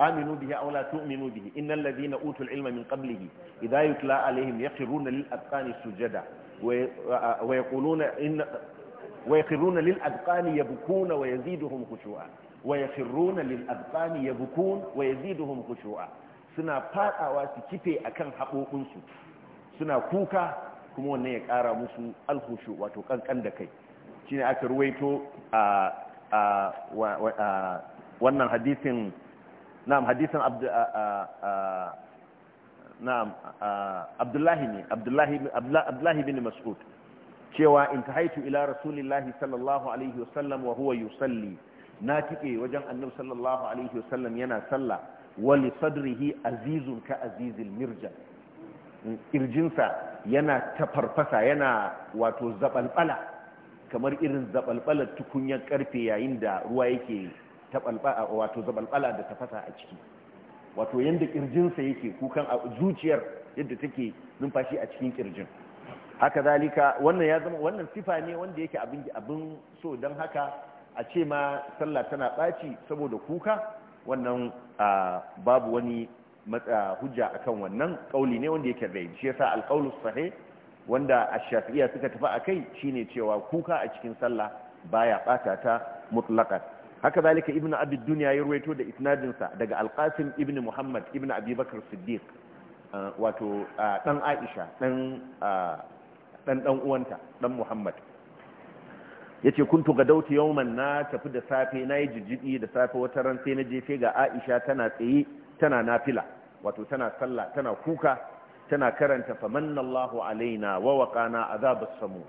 آمنوا به أو لا تؤمنوا به إن الذين أوتوا العلم من قبله إذا يتلى عليهم يقرون للأبقان السجدة آه، ويقولون إن ويقرون للأبقان يبكون ويزيدهم خشوعا ويقرون للأبقان يبكون ويزيدهم خشوعا سنا فاتا واسكتي أكن حقوقنسو سنا كوكا كمون نيك آرامسو الخشوع وتوكن كندكي shine aka ruwaito a wannan hadisin na'am hadisin abdullahi ne abdullahi bin mas'ud cewa in ta tahaitu ila rasulillahi sallallahu alaihi wasallam wa huwa yusalli na tike wajen annabi sallallahu alaihi wasallam yana sallah wali sadrihi azizun ka azizil mirja kirjinsa yana tafarfasa yana wato zabalbala kamar irin zabalbalar tukunyar karfe yayin da ruwa yake tabalbala wato zabalbala da tafasa a ciki wato yadda kirjinsa yake kukan a zuciyar yadda take numfashi a cikin kirjin haka zalika wannan ya zama wannan sifa ne wanda yake abin so don haka a ce ma sallah tana ɓaci saboda kuka wannan babu wani hujja akan wannan kauli ne wanda yake zai shi yasa alqaulus sahih wanda a shafi'iya suka tafi a kai shine cewa kuka a cikin sallah baya bata ta mutlaqan haka zalika Ibn abi dunya ya ruwaito da isnadinsa daga alqasim Ibn muhammad Ibn abubakar siddiq wato dan aisha dan ɗan uwanta ɗan muhammad yace kuntu gadauti yawman na tafi da safe nayi jijjidi da safe wata ran sai na jefe ga aisha tana tsaye tana nafila wato tana sallah tana kuka tana karanta famanna Allahu alaina wa waqana azabas samu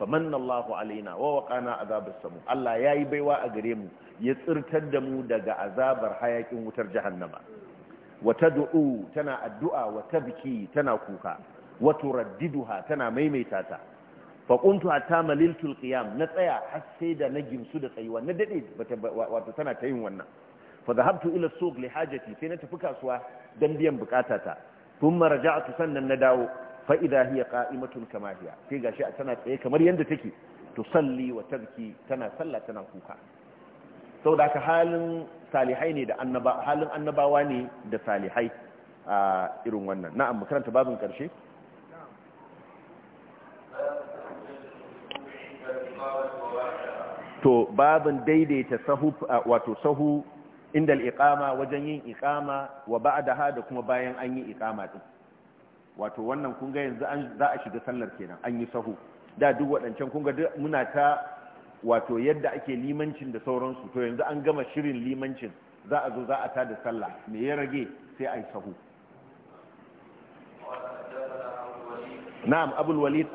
famanna Allahu alaina wa waqana azabas samu Allah yayi baiwa a gare mu ya tsirtar da mu daga azabar hayakin wutar jahannama wa tad'u tana addu'a wa tabki tana kuka wa turaddiduha tana maimaita ta fa kuntu hatta maliltu alqiyam na tsaya har sai da na gimsu da tsayuwa na dade wato tana ta yin wannan fa dhahabtu ila suq li hajati sai na tafi kasuwa dan biyan bukatata thumma raja'tu sannan na dawo fa idha hiya qa'imatun kama hiya sai gashi tana tsaye kamar yanda take tusalli wa tabki tana sallah tana kuka saboda haka halin salihai ne da annaba halin annabawa ne da salihai a irin wannan na'am makaranta babin karshe to babin daidaita sahu wato sahu inda al'iƙama wajen yin iƙama wa ba da kuma bayan an yi iƙama ɗin wato wannan kunga yanzu za a shiga sallar kenan an yi sahu da duk waɗancan kunga muna ta wato yadda ake limancin da sauransu to yanzu an gama shirin limancin za a zo za a ta da sallah me ya rage sai a yi sahu na'am abul walid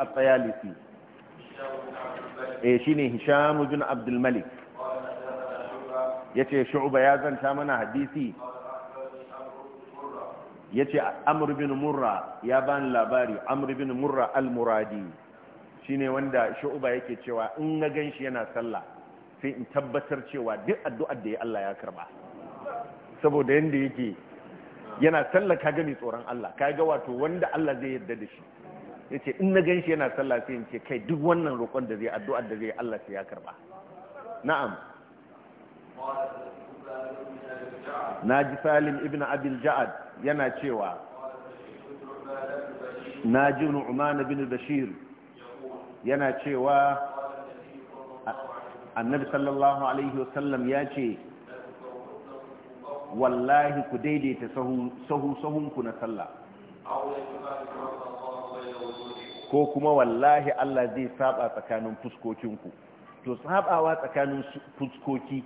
eh shine hisham bin abdul yace shu'ba ya zanta mana hadisi yace amr bin murra ya bani labari amr bin murra al-muradi shine wanda shu'ba yake cewa in na ganshi yana sallah sai in tabbatar cewa duk addu'ar da ya Allah ya karba saboda yanda yake yana sallah ka gani tsoron Allah ka ga wato wanda Allah zai yarda da shi yace in na ganshi yana sallah sai in ce kai duk wannan roƙon da zai addu'ar da zai Allah sai ya karba na'am na ji salim ibn abil ja'ad yana cewa na ji nu'man ibn bashir yana cewa annabi sallallahu alaihi wasallam ya ce wallahi ku daidaita sahu-sahunku na sallah ko kuma wallahi Allah zai saba tsakanin fuskokinku to sabawa tsakanin fuskoki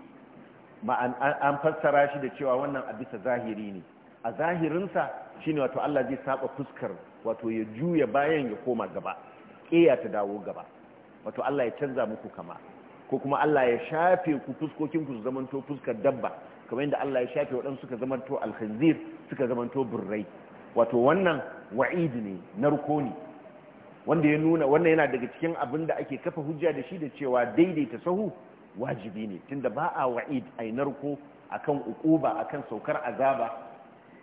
Ba an fassara shi da cewa wannan a zahiri ne a zahirinsa shine wato Allah zai saba fuskar wato ya juya bayan ya koma gaba ƙeya ta dawo gaba wato Allah ya canza muku kama ko kuma Allah ya shafe ku fuskokin ku su zamanto fuskar dabba kamar yadda Allah ya shafe waɗansu suka zamanto alkhanzir suka zamanto burrai wato wannan wa'idi ne narko ne wanda ya nuna wannan yana daga cikin abin da ake kafa hujja da shi da cewa daidaita sahu wajibi ne tunda ba a wa'id a ai narko akan ukuba akan saukar azaba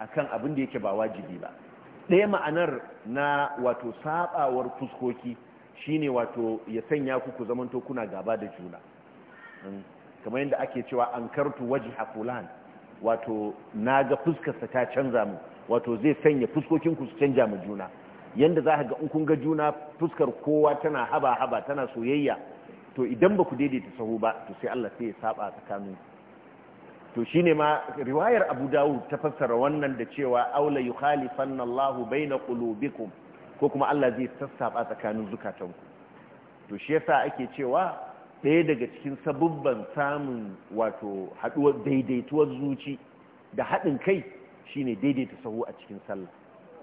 akan abin da yake ba wajibi ba ɗaya ma'anar na wato sabawar fuskoki shine wato ya sanya ku ku zamanto kuna gaba da juna hmm. kamar yadda ake cewa an kartu waje fulan wato na ga fuskarsa ta canza mu wato zai sanya fuskokinku su canja mu juna yadda za ga in kun ga juna fuskar kowa tana haba-haba tana soyayya to idan ba ku daidaita sahu ba to sai Allah sai ya saba tsakanin to shine ma riwayar Abu Dawud ta fassara wannan da cewa aula yukhalifanna Allah baina qulubikum ko kuma Allah zai sassaba tsakanin zukatanku to shi yasa ake cewa ɗaya daga cikin sabubban samun wato haduwar daidaituwar zuci da haɗin kai shine daidaita sahu a cikin sallah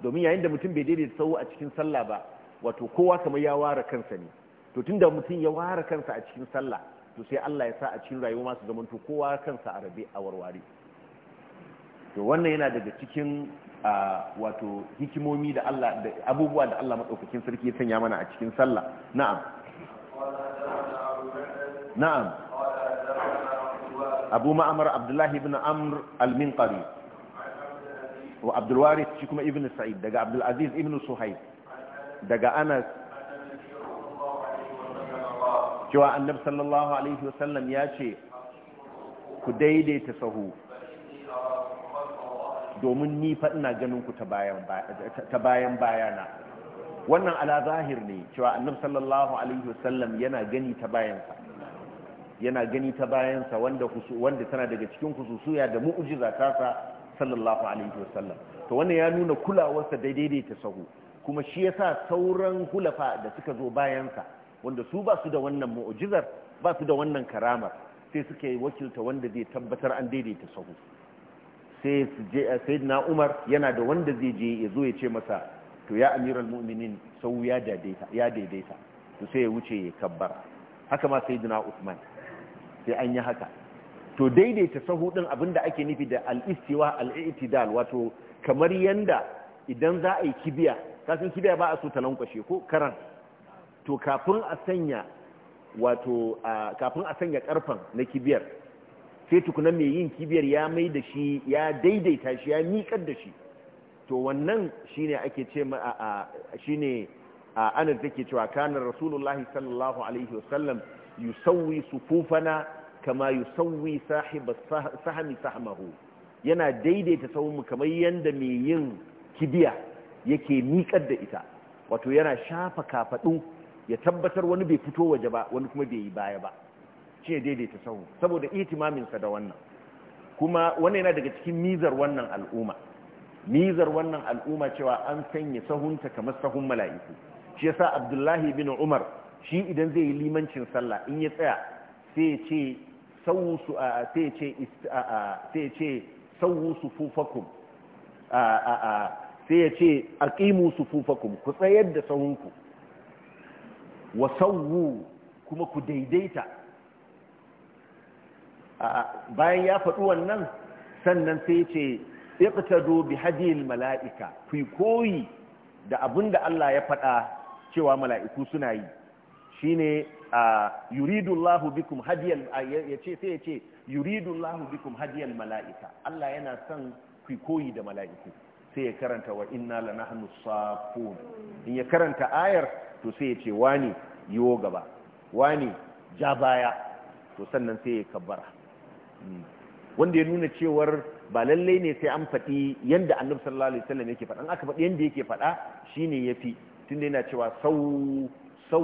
domin yayin da mutum bai daidaita sahu a cikin sallah ba wato kowa kamar ya ware kansa ne to tunda mutum ya ware kansa a cikin sallah to sai Allah ya sa a cikin rayuwa masu zaman to kowa kansa a rabe a warware to wannan yana daga cikin wato hikimomi da Allah da abubuwa da Allah madaukakin sarki ya sanya mana a cikin sallah na'am na'am abu ma'amar abdullahi ibn amr al-minqari wa abdul warith shi kuma ibn sa'id daga abdul aziz ibn suhayb daga anas cewa annab sallallahu alaihi wasallam ya ce ku daidaita sahu domin ni fa ina ganin ku ta bayan bayana wannan ala zahir ne cewa annab sallallahu alaihi wasallam yana gani ta bayansa yana gani ta bayansa wanda wanda tana daga cikin kususuya da mu'jiza ta sa sallallahu alaihi wasallam to wannan ya nuna kulawarsa daidaita sahu kuma shi yasa sauran hulafa da suka zo bayansa wanda su ba su da wannan mu'ujizar ba su da wannan karamar sai suke wakilta wanda zai tabbatar an daidaita sahu sai eh, sayyidina Umar yana da wanda zai je ya zo ya ce masa to ya amiral mu'minin sahu ya daidaita to sai ya wuce ya kabbara haka ma sayyidina Usman sai an yi haka to daidaita sahu din abinda ake nufi da al-istiwa al-i'tidal wato kamar yanda idan za a yi kibiya kasan kibiya ba a so ta lankwashe ko karan to kafin a sanya wato kafin a sanya na kibiyar sai tukuna mai yin kibiyar ya mai da shi ya daidaita shi ya miƙar da shi to wannan shine ake ce shine ana take cewa kanar rasulullahi sallallahu alaihi wasallam yusawwi sufufana kama yusawwi sahiba sahami sahmahu yana daidaita sahunmu kamar yanda mai yin kibiya yake miƙar da ita wato yana shafa kafaɗu ya tabbatar wani bai fito waje ba wani kuma bai yi baya ba shi ya daidaita sahu saboda itimaminsa da wannan kuma wannan yana daga cikin mizar wannan al'umma mizar wannan al'umma cewa an sanya sahunta kamar sahun mala'iku shi yasa abdullahi bin umar shi idan zai yi limancin sallah in ya tsaya sai ya ce sawu a sai ya ce sawu sufufakum sai ya ce aqimu sufufakum ku tsayar da sahunku wa kuma ku daidaita bayan ya faɗi wannan sannan sai ce iqtadu bi hadil mala'ika ku koyi da abinda Allah ya faɗa cewa mala'iku suna yi shine yuridu bikum hadiyal yace sai yace yuridu bikum hadiyal mala'ika Allah yana son ku koyi da mala'iku sai ya karanta wa inna lanahnu safun in ya karanta ayar to sai ya ce wani yiwo gaba wani ja baya to sannan sai ya kabbara hmm. wanda ya nuna cewar ba lallai ne sai an faɗi yadda annabi sallallahu alaihi wasallam yake faɗa an aka faɗi yadda yake faɗa shine yafi tunda yana cewa sau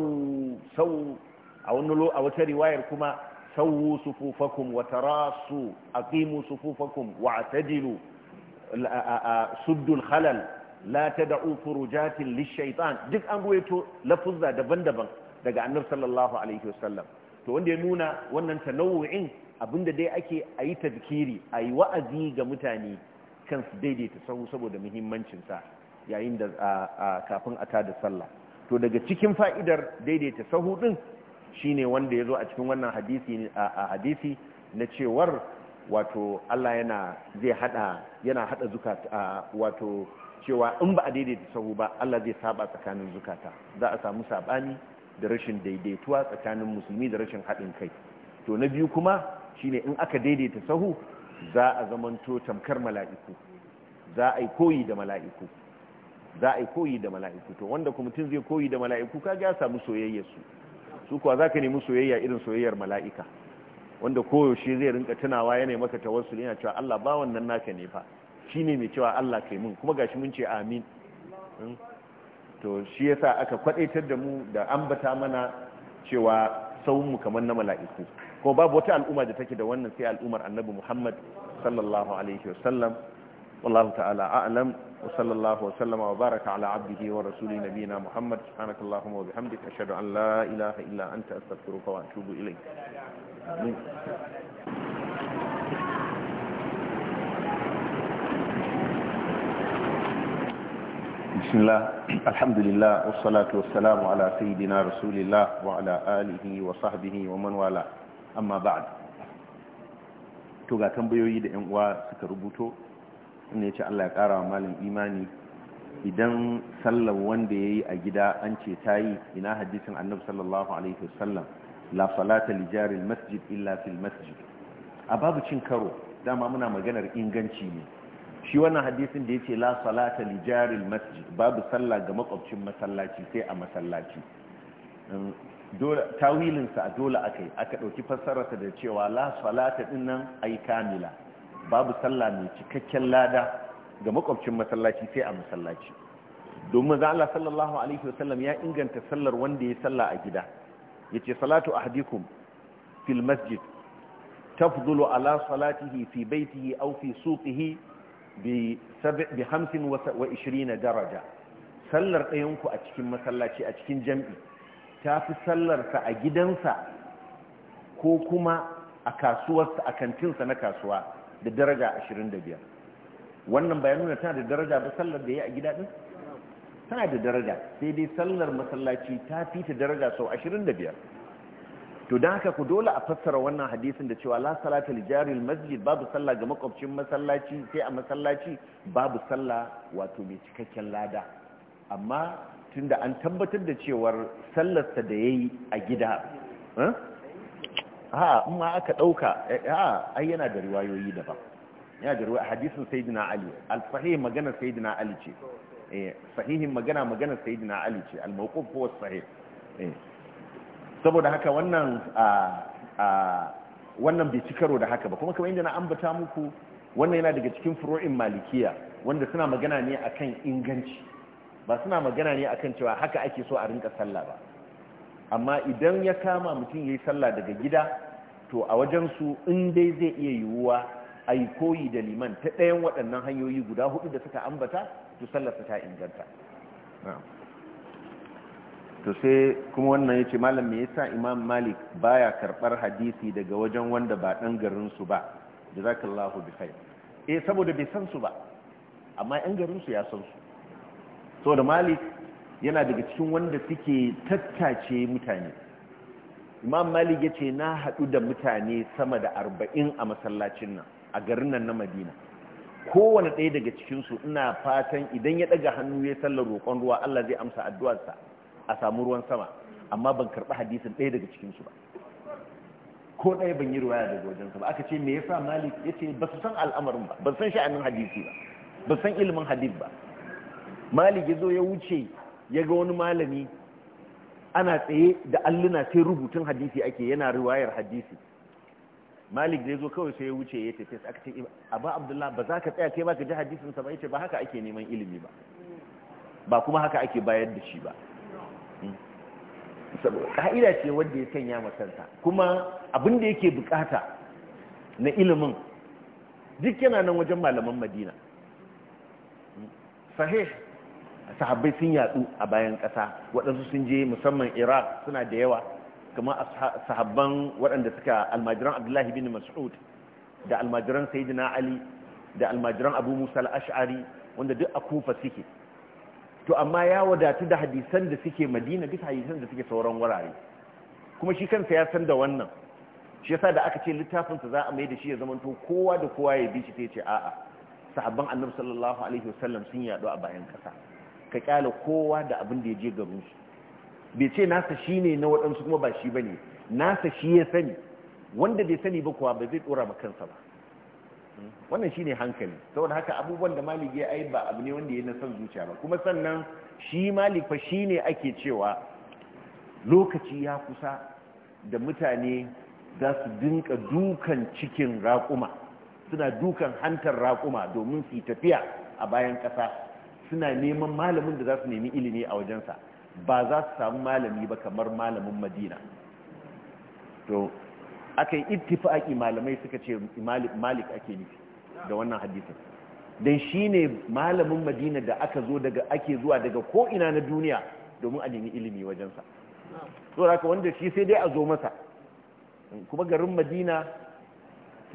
a wani a wata riwayar kuma sau sufufakum wa tarasu aqimu sufufakum wa atajilu suddul khalal la tad'u furujatin lishaitan duk an ruwaito lafuzza daban-daban daga annabi sallallahu alaihi wasallam to wanda ya nuna wannan tanawu'in abinda dai ake ayi tazkiri ayi wa'azi ga mutane kan su daidaita sahu saboda muhimmancinsa sa yayin da kafin a tada sallah to daga cikin fa'idar daidaita sahu din shine wanda yazo a cikin wannan hadisi a hadisi na cewar wato Allah yana zai hada yana hada zukata wato cewa in ba a daidaita sahu ba Allah zai saba tsakanin zukata za a samu sabani da rashin daidaituwa tsakanin musulmi da rashin haɗin kai to na biyu kuma shine in aka daidaita sahu za a zamanto tamkar mala'iku za a yi koyi da mala'iku za a yi koyi da mala'iku to wanda kuma tun zai koyi da mala'iku kaga ya samu soyayya su su kuwa ka nemi soyayya irin soyayyar mala'ika wanda koyaushe zai rinka tunawa yana maka tawassul yana cewa Allah ba wannan naka ne fa Shi ne mai cewa Allah kai mun kuma gashi mun ce amin hmm? to shi yasa aka kwadaitar da mu da ambata mana cewa saumu kamar na mala'iku ko babu wata al'umma da take da wannan sai al'ummar annabi Muhammad sallallahu alaihi wasallam wallahu ta'ala a'lam wa sallallahu wa sallama wa baraka ala abdihi wa rasuli nabiyina Muhammad subhanakallahumma wa bihamdika ashhadu an la ilaha illa anta astaghfiruka wa atubu ilayk بسم الله الحمد لله والصلاة والسلام على wa رسول الله وعلى آله وصحبه ومن والاه أما بعد to ga tambayoyi da 'yan uwa suka rubuto inda ya ce Allah ya ƙara wa malin imani idan sallar wanda ya yi a gida an ce ta yi ina hadisin annabu sallallahu alaihi wasallam la salata li masjid illa fil masjid a babu cin karo dama muna maganar inganci ne shi wannan hadisin da ya ce la salata li jaril masjid babu sallah ga makwabcin masallaci sai a masallaci um, dole tawilinsa a dole aka yi aka ɗauki fassararsa da cewa la salata ɗin nan ai kamila babu sallah mai cikakken lada ga makwabcin masallaci sai a masallaci domin za Allah sallallahu alaihi wasallam ya inganta sallar wanda ya salla a gida yace salatu ahadikum fil masjid tafdulu ala salatihi fi baitihi aw fi suqihi bi 25 daraja sallar ɗayanku a cikin masallaci a cikin jam'i ta fi sallarsa a gidansa ko kuma a kasuwarsa a kantinsa na kasuwa da daraja 25 wannan bayan nuna tana da daraja ba sallar da ya a gida ɗin? tana da daraja sai dai sallar masallaci ta fi ta daraja sau 25 to don haka ku dole a fassara wannan hadisin da cewa la salata li jaril masjid babu sallah ga makwabcin masallaci sai a masallaci babu sallah wato mai cikakken lada amma tunda an tabbatar da cewar sallarsa da yayi a gida eh? ha amma aka dauka eh, ha ai yana da riwayoyi daban yana da riwayoyi hadisin sayyidina ali al-sahih magana sayyidina ali ce eh sahihin magana magana sayyidina ali ce al-mawquf huwa sahih eh saboda haka wannan wannan bai cikaro da haka ba kuma kamar inda na ambata muku wannan yana daga cikin furo'in malikiya wanda suna magana ne akan inganci ba suna magana ne akan cewa haka ake so a rinka sallah ba amma idan ya kama mutum yayi sallah daga gida to a wajen su in dai zai iya yiwuwa ai koyi da liman ta ɗayan waɗannan hanyoyi guda hudu da suka ambata to sallarsa ta inganta na'am to sai kuma wannan yace malam me yasa imam malik baya karbar hadisi daga wajen wanda ba dan garin su ba jazakallahu bi khair eh saboda bai san su ba amma yan garin su ya san su saboda malik yana daga cikin wanda suke tattace mutane imam malik yace na hadu da mutane sama da 40 a masallacin nan a garin nan na madina kowane ɗaya daga cikinsu ina fatan idan ya ɗaga hannu ya sallar roƙon ruwa Allah zai amsa addu'arsa a samu ruwan sama amma ban karɓi hadisin ɗaya daga cikinsu ba ko ɗaya ban yi ruwaya daga wajensa ba aka ce me yasa malik ya ce ba su san al'amarin ba ba san sha'anin hadisi ba ba san ilimin hadis ba malik ya zo ya wuce ya ga wani malami ana tsaye da alluna sai rubutun hadisi ake yana riwayar hadisi malik da ya zo kawai sai ya wuce ya tafi aka ce abba abdullah ba za ka tsaya kai ba ka ji hadisin sa ba ce ba haka ake neman ilimi ba ba kuma haka ake bayar da shi ba saboda ka'ida ce wanda ya sanya masanta kuma abin da yake bukata na ilimin duk yana nan wajen malaman madina sahih sahabbai sun yatsu a bayan ƙasa waɗansu sun je musamman iraq suna da yawa kuma sahabban waɗanda suka almajiran abdullahi bin mas'ud da almajiran sayyidina ali da almajiran abu musa al-ash'ari wanda duk a kufa suke to amma ya wadatu da hadisan da suke madina bisa hadisan da suke sauran wurare kuma shi kansa ya san da wannan shi yasa da aka ce littafinsa za a mai da shi ya zamanto kowa da kowa ya bi shi sai ce a'a sahabban annabi sallallahu alaihi wasallam sun yaɗu a bayan kasa ka kyala kowa da abin da ya je garin shi bai ce nasa shine na waɗansu kuma ba shi bane nasa shi ya sani wanda bai sani ba kuwa ba zai dora ma kansa ba wannan shine hankali saboda haka abubuwan da malik ya ai ba abu ne wanda ya na son zuciya ba kuma sannan shi malik fa shine ake cewa lokaci ya kusa da mutane za su dinka dukan cikin raƙuma suna dukan hantar raƙuma domin su tafiya a bayan ƙasa suna neman malamin da za su nemi ilimi a wajensa ba za su samu malami ba kamar malamin madina to aka yi ittifaki malamai suka ce malik ake nufi da wannan hadisin don shi malamin madina da aka zo daga ake zuwa daga ko'ina na duniya domin a nemi ilimi wajensa so haka wanda shi sai dai a zo masa kuma garin madina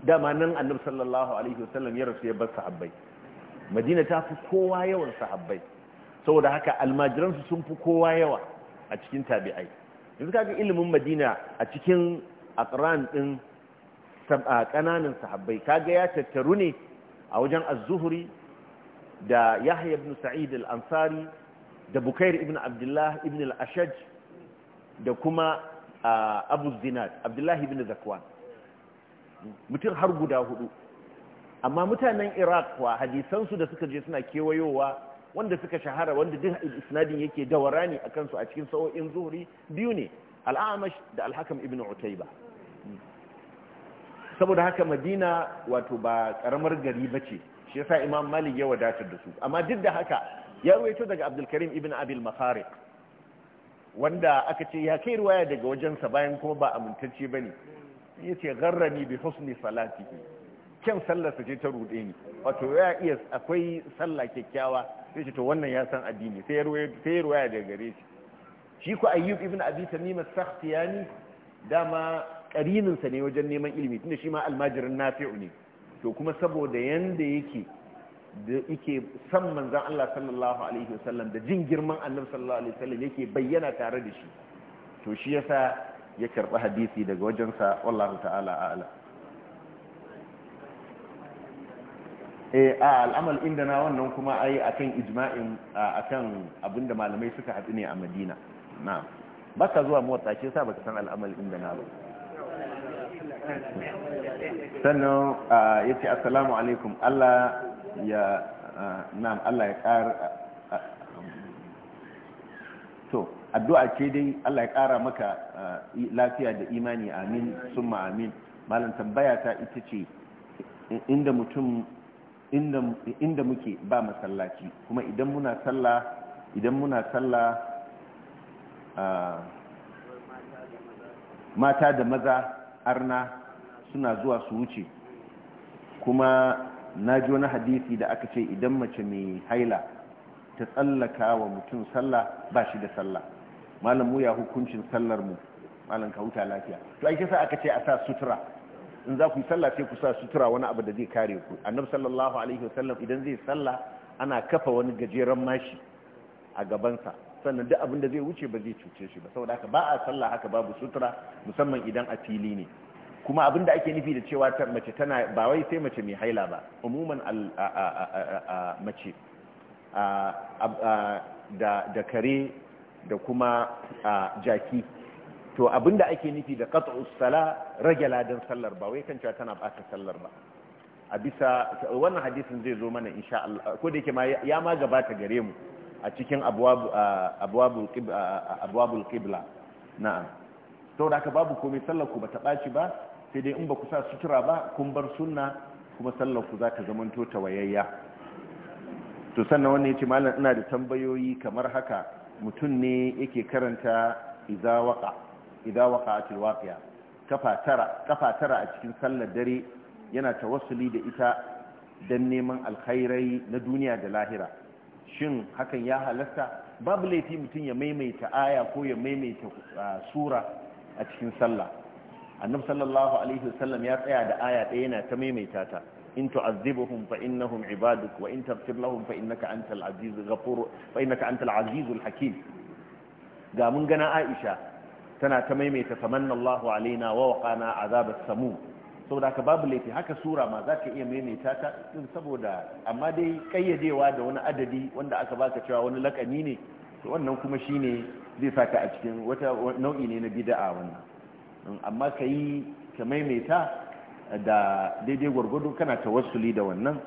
dama nan annab sallallahu alaihi wasallam ya rasu ya bar sahabbai madina ta fi kowa yawan sahabbai saboda haka almajiransu sun fi kowa yawa a cikin tabi'ai yanzu kaga ilimin madina a cikin aqran din kananan sahabbai kaga ya tattaru ne a wajen az-zuhri da yahya ibn sa'id al-ansari da bukair ibn abdullah ibn al-ashaj da kuma abu zinad abdullahi ibn zakwan mutum har guda hudu amma mutanen iraq kuwa hadisansu da suka je suna kewayowa wanda suka shahara wanda duk isnadin yake ne a kansu a cikin sa'o'in zuhuri biyu ne al'amash da alhakam ibn utaiba saboda haka madina wato ba karamar gari ba ce shi ya sa imam malik ya wadatar da su amma duk da haka ya ruwaito daga abdulkarim ibn abil masariq wanda aka ce ya kai ruwaya daga wajensa bayan kuma ba amintacce ba ne ya ce garrani bi husni salati kyan sallarsa ce ta rude ni wato ya iya akwai sallah kyakkyawa sai ce to wannan ya san addini sai ya ruwaya daga gare shi shi ku ayyub ibn abi tamim as-sakhtiyani dama ƙarininsa ne wajen neman ilimi tunda shi ma almajirin nafi'u ne to kuma saboda yanda yake da yake san manzan Allah sallallahu alaihi wasallam da jin girman annabi sallallahu alaihi wasallam yake bayyana tare da shi to shi yasa ya karɓi hadisi daga wajensa wallahu ta'ala a'ala eh a al'amal inda na wannan kuma ai akan ijma'in akan abinda malamai suka haɗu ne a Madina na'am baka zuwa motsa shi sa baka san al'amal inda na ba sannan ya ce assalamu alaikum Allah ya nam Allah ya ƙara to addu'a ce dai Allah ya ƙara maka lafiya da imani amin summa amin malam tambaya ta ita ce inda mutum inda muke ba masallaci kuma idan muna sallah idan muna sallah mata da maza arna suna zuwa su wuce kuma na ji wani hadisi da aka ce idan mace mai haila ta tsallaka wa mutum sallah ba shi da sallah malam mu ya hukuncin sallar mu malam ka huta lafiya to ai kisa aka ce a sa sutura in za ku yi sallah sai ku sa sutura wani abu da zai kare ku annabi sallallahu alaihi wasallam idan zai sallah ana kafa wani gajeren mashi a gabansa sannan duk abin da zai wuce ba zai cuce shi ba saboda haka ba a sallah haka babu sutura musamman idan a fili ne kuma abin da ake nufi da cewa mace tana ba wai sai mace mai haila ba umuman mace da kare da kuma jaki to abin da ake nufi da qat'us sala rage ladan sallar ba wai kan cewa tana bata sallar ba a bisa wannan hadisin zai zo mana insha ko da yake ma ya ma gabata gare mu a cikin abuwabul qibla na'am saboda aka babu komai sallar ba ta ɓaci ba sai dai in ba ku sa sutura ba kun bar sunna kuma sallar ku za ta zamanto tawayayya to sannan wannan ce malam ina da tambayoyi kamar haka mutum ne yake karanta izawaka a tilwafiya kafa tara a cikin sallar dare yana tawassuli da ita don neman alkhairai na duniya da lahira shin hakan ya halasta babu laifi mutum ya maimaita aya ko ya maimaita ah, sura a cikin sallah annabi sallallahu alaihi wasallam ya tsaya da aya ɗaya yana ta maimaita ta in tu'azzibuhum fa innahum ibaduk wa in taghfir lahum fa innaka antal azizul ghafur fa innaka antal al hakim ga mun gana Aisha tana ta maimaita tamanna Allahu alaina wa waqana azabas samum saboda haka babu laifi haka sura ma za ka iya maimaita ta din saboda amma dai kayyadewa da wani adadi wanda aka baka cewa wani lakani ne to wannan kuma shine zai saka a cikin wata nau'i ne na bid'a wannan mm, amma ka yi ka maimaita da daidai gwargwado kana tawassuli da wannan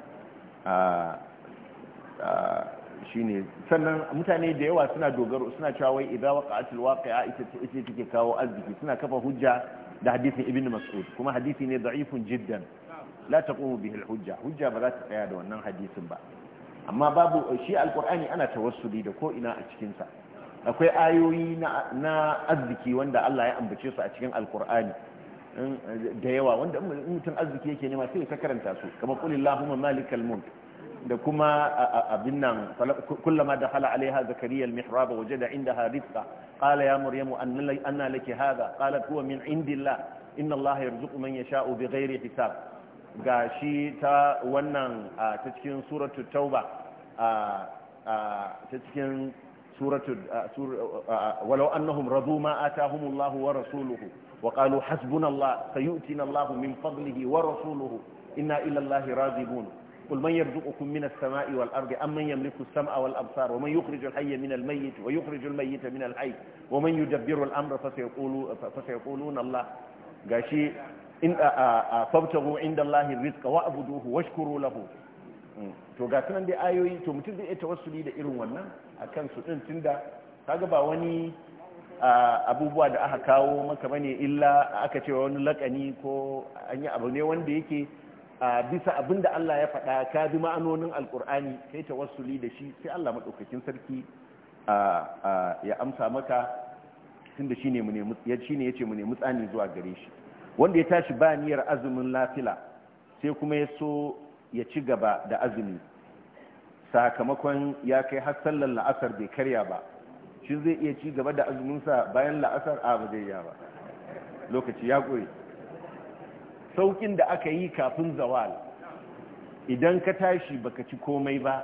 shine sannan mutane da yawa suna dogaro suna cewa wai idza waqa'atil waqi'a ita ce take kawo arziki suna kafa hujja da hadisin ibn mas'ud kuma hadisi ne da'ifun jiddan la taqumu bihi al-hujja hujja ba za ta tsaya da wannan hadisin ba amma babu shi alqur'ani ana tawassuli da ko ina a cikin sa akwai ayoyi na na arziki wanda Allah ya ambace su a cikin alqur'ani eh, da yawa wanda mutum arziki yake nema sai ka karanta su kamar qul illahumma malikal mulk da kuma abin nan kullama da hala alaiha zakariya al-mihrab wajada indaha rizqa qala ya maryamu anna laki hadha qalat huwa min indillah inna allaha yarzuqu man yasha'u bighairi hisab gashi ta wannan ta cikin suratu tauba ta cikin suratu walau annahum radu ma atahumullahu wa rasuluhu wa qalu hasbunallahu sayu'tina allahu min fadlihi wa rasuluhu inna ila allahi radibun قل من يرزقكم من السماء والأرض أم من يملك السمع والأبصار ومن يخرج الحي من الميت ويخرج الميت من الحي ومن يدبر الأمر فسيقولوا فسيقولون الله قاشي إن فابتغوا عند الله الرزق وأبدوه واشكروا له to ga sunan dai ayoyi to mutum zai iya tawassuli da irin wannan akan su din tunda kaga ba wani abubuwa da aka kawo maka bane illa aka ce wani lakani ko an yi abu ne wanda yake a bisa abin da Allah ya faɗa ka bi ma'anonin alkur'ani kai tawassuli da shi sai Allah maɗaukakin sarki ya amsa maka tunda shine mu nemi shine yace mu nemi tsani zuwa gare shi wanda ya tashi ba niyyar azumin lafila sai kuma ya so ya ci gaba da azumi sakamakon ya kai har sallan la'asar bai karya ba shi zai iya ci gaba da azuminsa bayan la'asar a ba zai ya ba lokaci ya ƙure saukin da aka yi kafin zawal idan ka tashi baka ci komai ba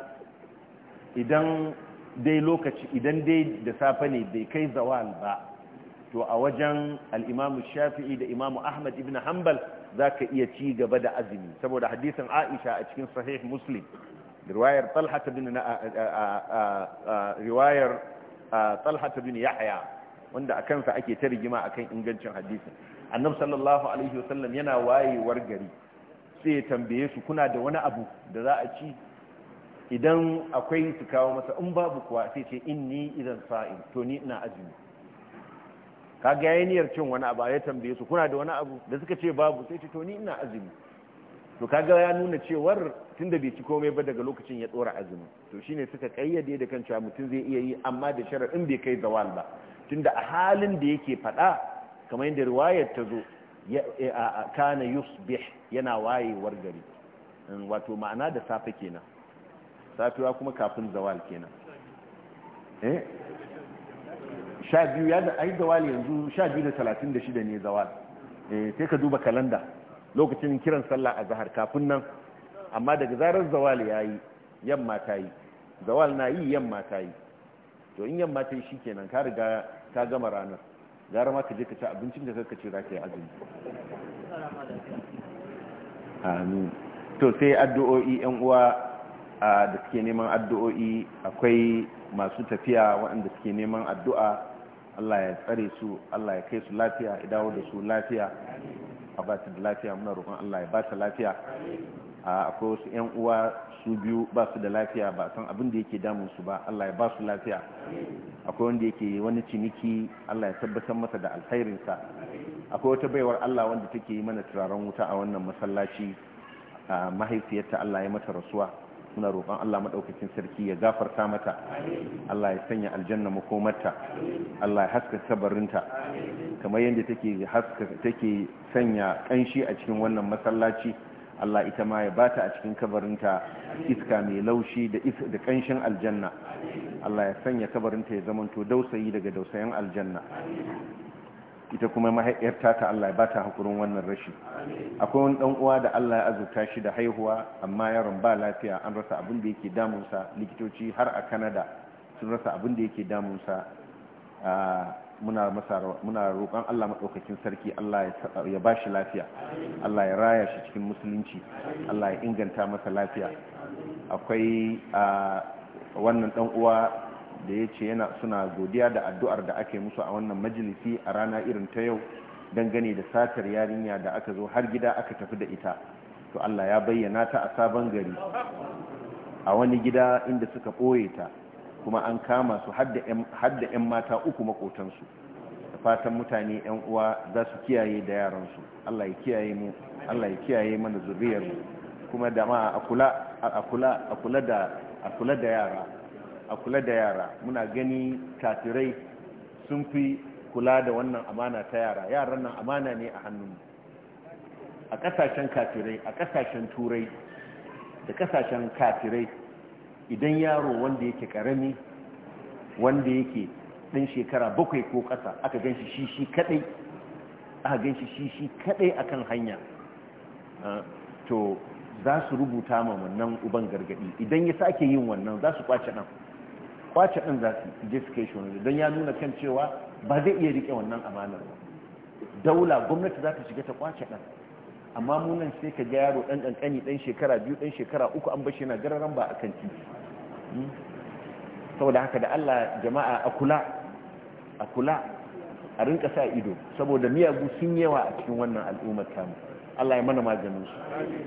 idan dai lokaci idan dai da safe ne bai kai zawal ba to a wajen al'imamu shafi'i da imamu ahmad ibn hanbal za ka iya ci gaba da azumi saboda hadisin aisha a cikin sahih muslim riwayar talhata bin yahya wanda a kansa ake ta rigima akan ingancin hadisin annabi sallallahu alaihi wasallam yana wayewar gari sai ya tambaye su kuna da wani abu da za a ci idan akwai su kawo masa in babu kuwa sai ce inni idan sa'in to ni ina azumi ka ga yayin cin wani abu ya tambaye su kuna da wani abu da suka ce babu sai ce to ni ina azumi to kaga ya nuna cewar tunda bai ci komai ba daga lokacin ya tsora azumi to shine suka kayyade da kan cewa mutum zai iya yi amma da sharar in bai kai zawal ba tunda a halin da yake fada kamar yadda riwayar ta zo kana yusbih yana wayewar gari wato ma'ana da safe kenan safiya kuma kafin zawal kenan eh sha biyu ya da ai zawal yanzu sha biyu da talatin da shida ne zawal eh sai ka duba kalanda lokacin kiran sallah a zahar kafin nan amma daga zarar zawal ya yi yamma ta yi zawal na yi yamma ta yi to in yamma ta yi shi kenan ka riga ka gama ranar gara ma ka je ka ci abincin da ka ce za ka yi azumi amin to sai addu'o'i yan uwa da suke neman addu'o'i akwai masu tafiya waɗanda suke neman addu'a Allah ya tsare su Allah ya kai su lafiya ya dawo da su lafiya a ba su da lafiya muna roƙon Allah ya ba su lafiya akwai wasu yan uwa su biyu ba su da lafiya ba san abin da yake damun su ba Allah ya ba su lafiya akwai wanda yake wani ciniki Allah ya tabbatar masa da alkhairinsa akwai wata baiwar Allah wanda take yi mana turaren wuta a wannan masallaci a mahaifiyarta Allah ya mata rasuwa muna roƙon Allah maɗaukacin sarki ya gafarta mata Allah ya sanya aljanna makomarta Allah ya haska sabarinta kamar yadda take sanya ƙanshi a cikin wannan masallaci Allah ita ma ya bata a cikin kabarinta iska mai laushi da kanshin aljanna Allah ya sanya kabarinta ya zamanto dausayi daga dausayen aljanna ita kuma mahaifiyarta ta Allah ya bata hakurin wannan rashi akwai wani dan uwa da Allah ya azurta shi da haihuwa amma yaron ba lafiya an rasa abin da yake damunsa likitoci har a Canada sun rasa abin da yake damunsa ah, muna muna roƙon Allah maɗaukakin sarki Allah ya ba shi lafiya Allah ya raya shi cikin musulunci Allah ya inganta masa lafiya akwai wannan dan uwa da ya ce yana suna godiya da addu'ar da ake musu a wannan majalisi a rana irin ta yau dangane da satar yarinya da aka zo har gida aka tafi da ita to Allah ya bayyana ta a sabon gari a wani gida inda suka ɓoye ta kuma an kama su hadda 'yan mata uku makotansu da fatan mutane 'yan uwa za su kiyaye da yaransu allah ya kiyaye mu allah ya mana zuriyarmu kuma da ma a kula da yara akula da yara muna gani kafirai sun fi kula da wannan amana ta yara yaran nan amana ne a hannun a kasashen kafirai a kasashen turai da kasashen kafirai idan yaro wanda yake karami wanda yake ɗan shekara bakwai ko ƙasa aka ganshi shi shi kaɗai aka ganshi shi shi a kan hanya ah, to za su rubuta ma wannan uban gargaɗi idan ya sake yin wannan za su kwace ɗan kwace ɗan za su je su kai shi wani don ya nuna kan cewa ba zai iya riƙe wannan amanar ba daula gwamnati za ta shiga ta kwace ɗan amma munan sai ka ga yaro ɗan ƙanƙani ɗan shekara biyu ɗan shekara uku an bashi yana gararan ba a kan titi saboda haka da Allah jama'a a kula a kula a rinka sa ido saboda miyagu sun yawa a cikin wannan al'ummar tamu Allah ya mana maganin su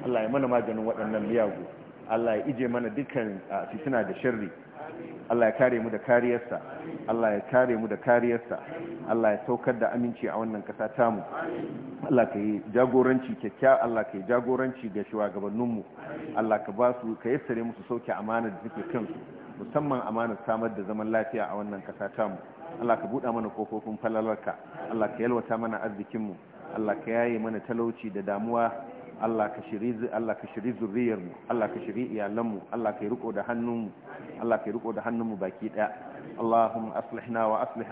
Allah ya mana maganin waɗannan miyagu Allah ya ije mana dukkan fitina da shirri. Allah ya kare mu da kariyarsa Allah ya kare mu da kariyarsa Allah ya saukar da aminci a wannan kasa tamu Allah ka yi jagoranci kyakkyawa Allah ka yi jagoranci ga shugabanninmu Allah ka ba su ka yassare musu sauke amanar da suke kansu musamman amanar samar da zaman lafiya a wannan kasa tamu Allah ka buɗa mana kofofin falalarka Allah ka yalwata mana arzikinmu Allah ka yaye mana talauci da damuwa Allah ka shiri Allah ka shiri zuriyarmu Allah ka shiri iyalanmu Allah ka yi riko da hannunmu Allah ka yi riko da hannunmu baki daya اللهم أصلحنا وأصلح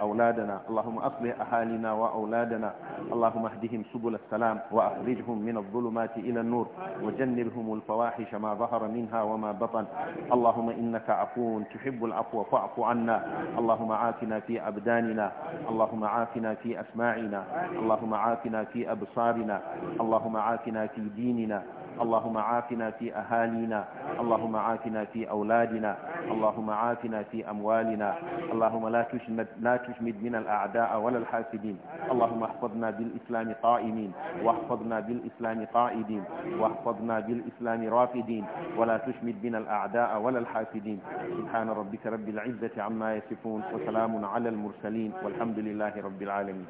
أولادنا اللهم أصلح أهالنا وأولادنا اللهم اهدهم سبل السلام وأخرجهم من الظلمات إلى النور وجنبهم الفواحش ما ظهر منها وما بطن اللهم إنك عفو تحب العفو فاعف عنا اللهم عافنا في أبداننا اللهم عافنا في أسماعنا اللهم عافنا في أبصارنا اللهم عافنا في ديننا اللهم عافنا في أهالينا اللهم عافنا في أولادنا اللهم عافنا في أموالنا اللهم لا تشمد, لا تشمد من الأعداء ولا الحاسدين اللهم احفظنا بالإسلام قائمين واحفظنا بالإسلام قائدين واحفظنا بالإسلام رافدين ولا تشمد بنا الأعداء ولا الحاسدين سبحان ربك رب العزة عما يصفون وسلام على المرسلين والحمد لله رب العالمين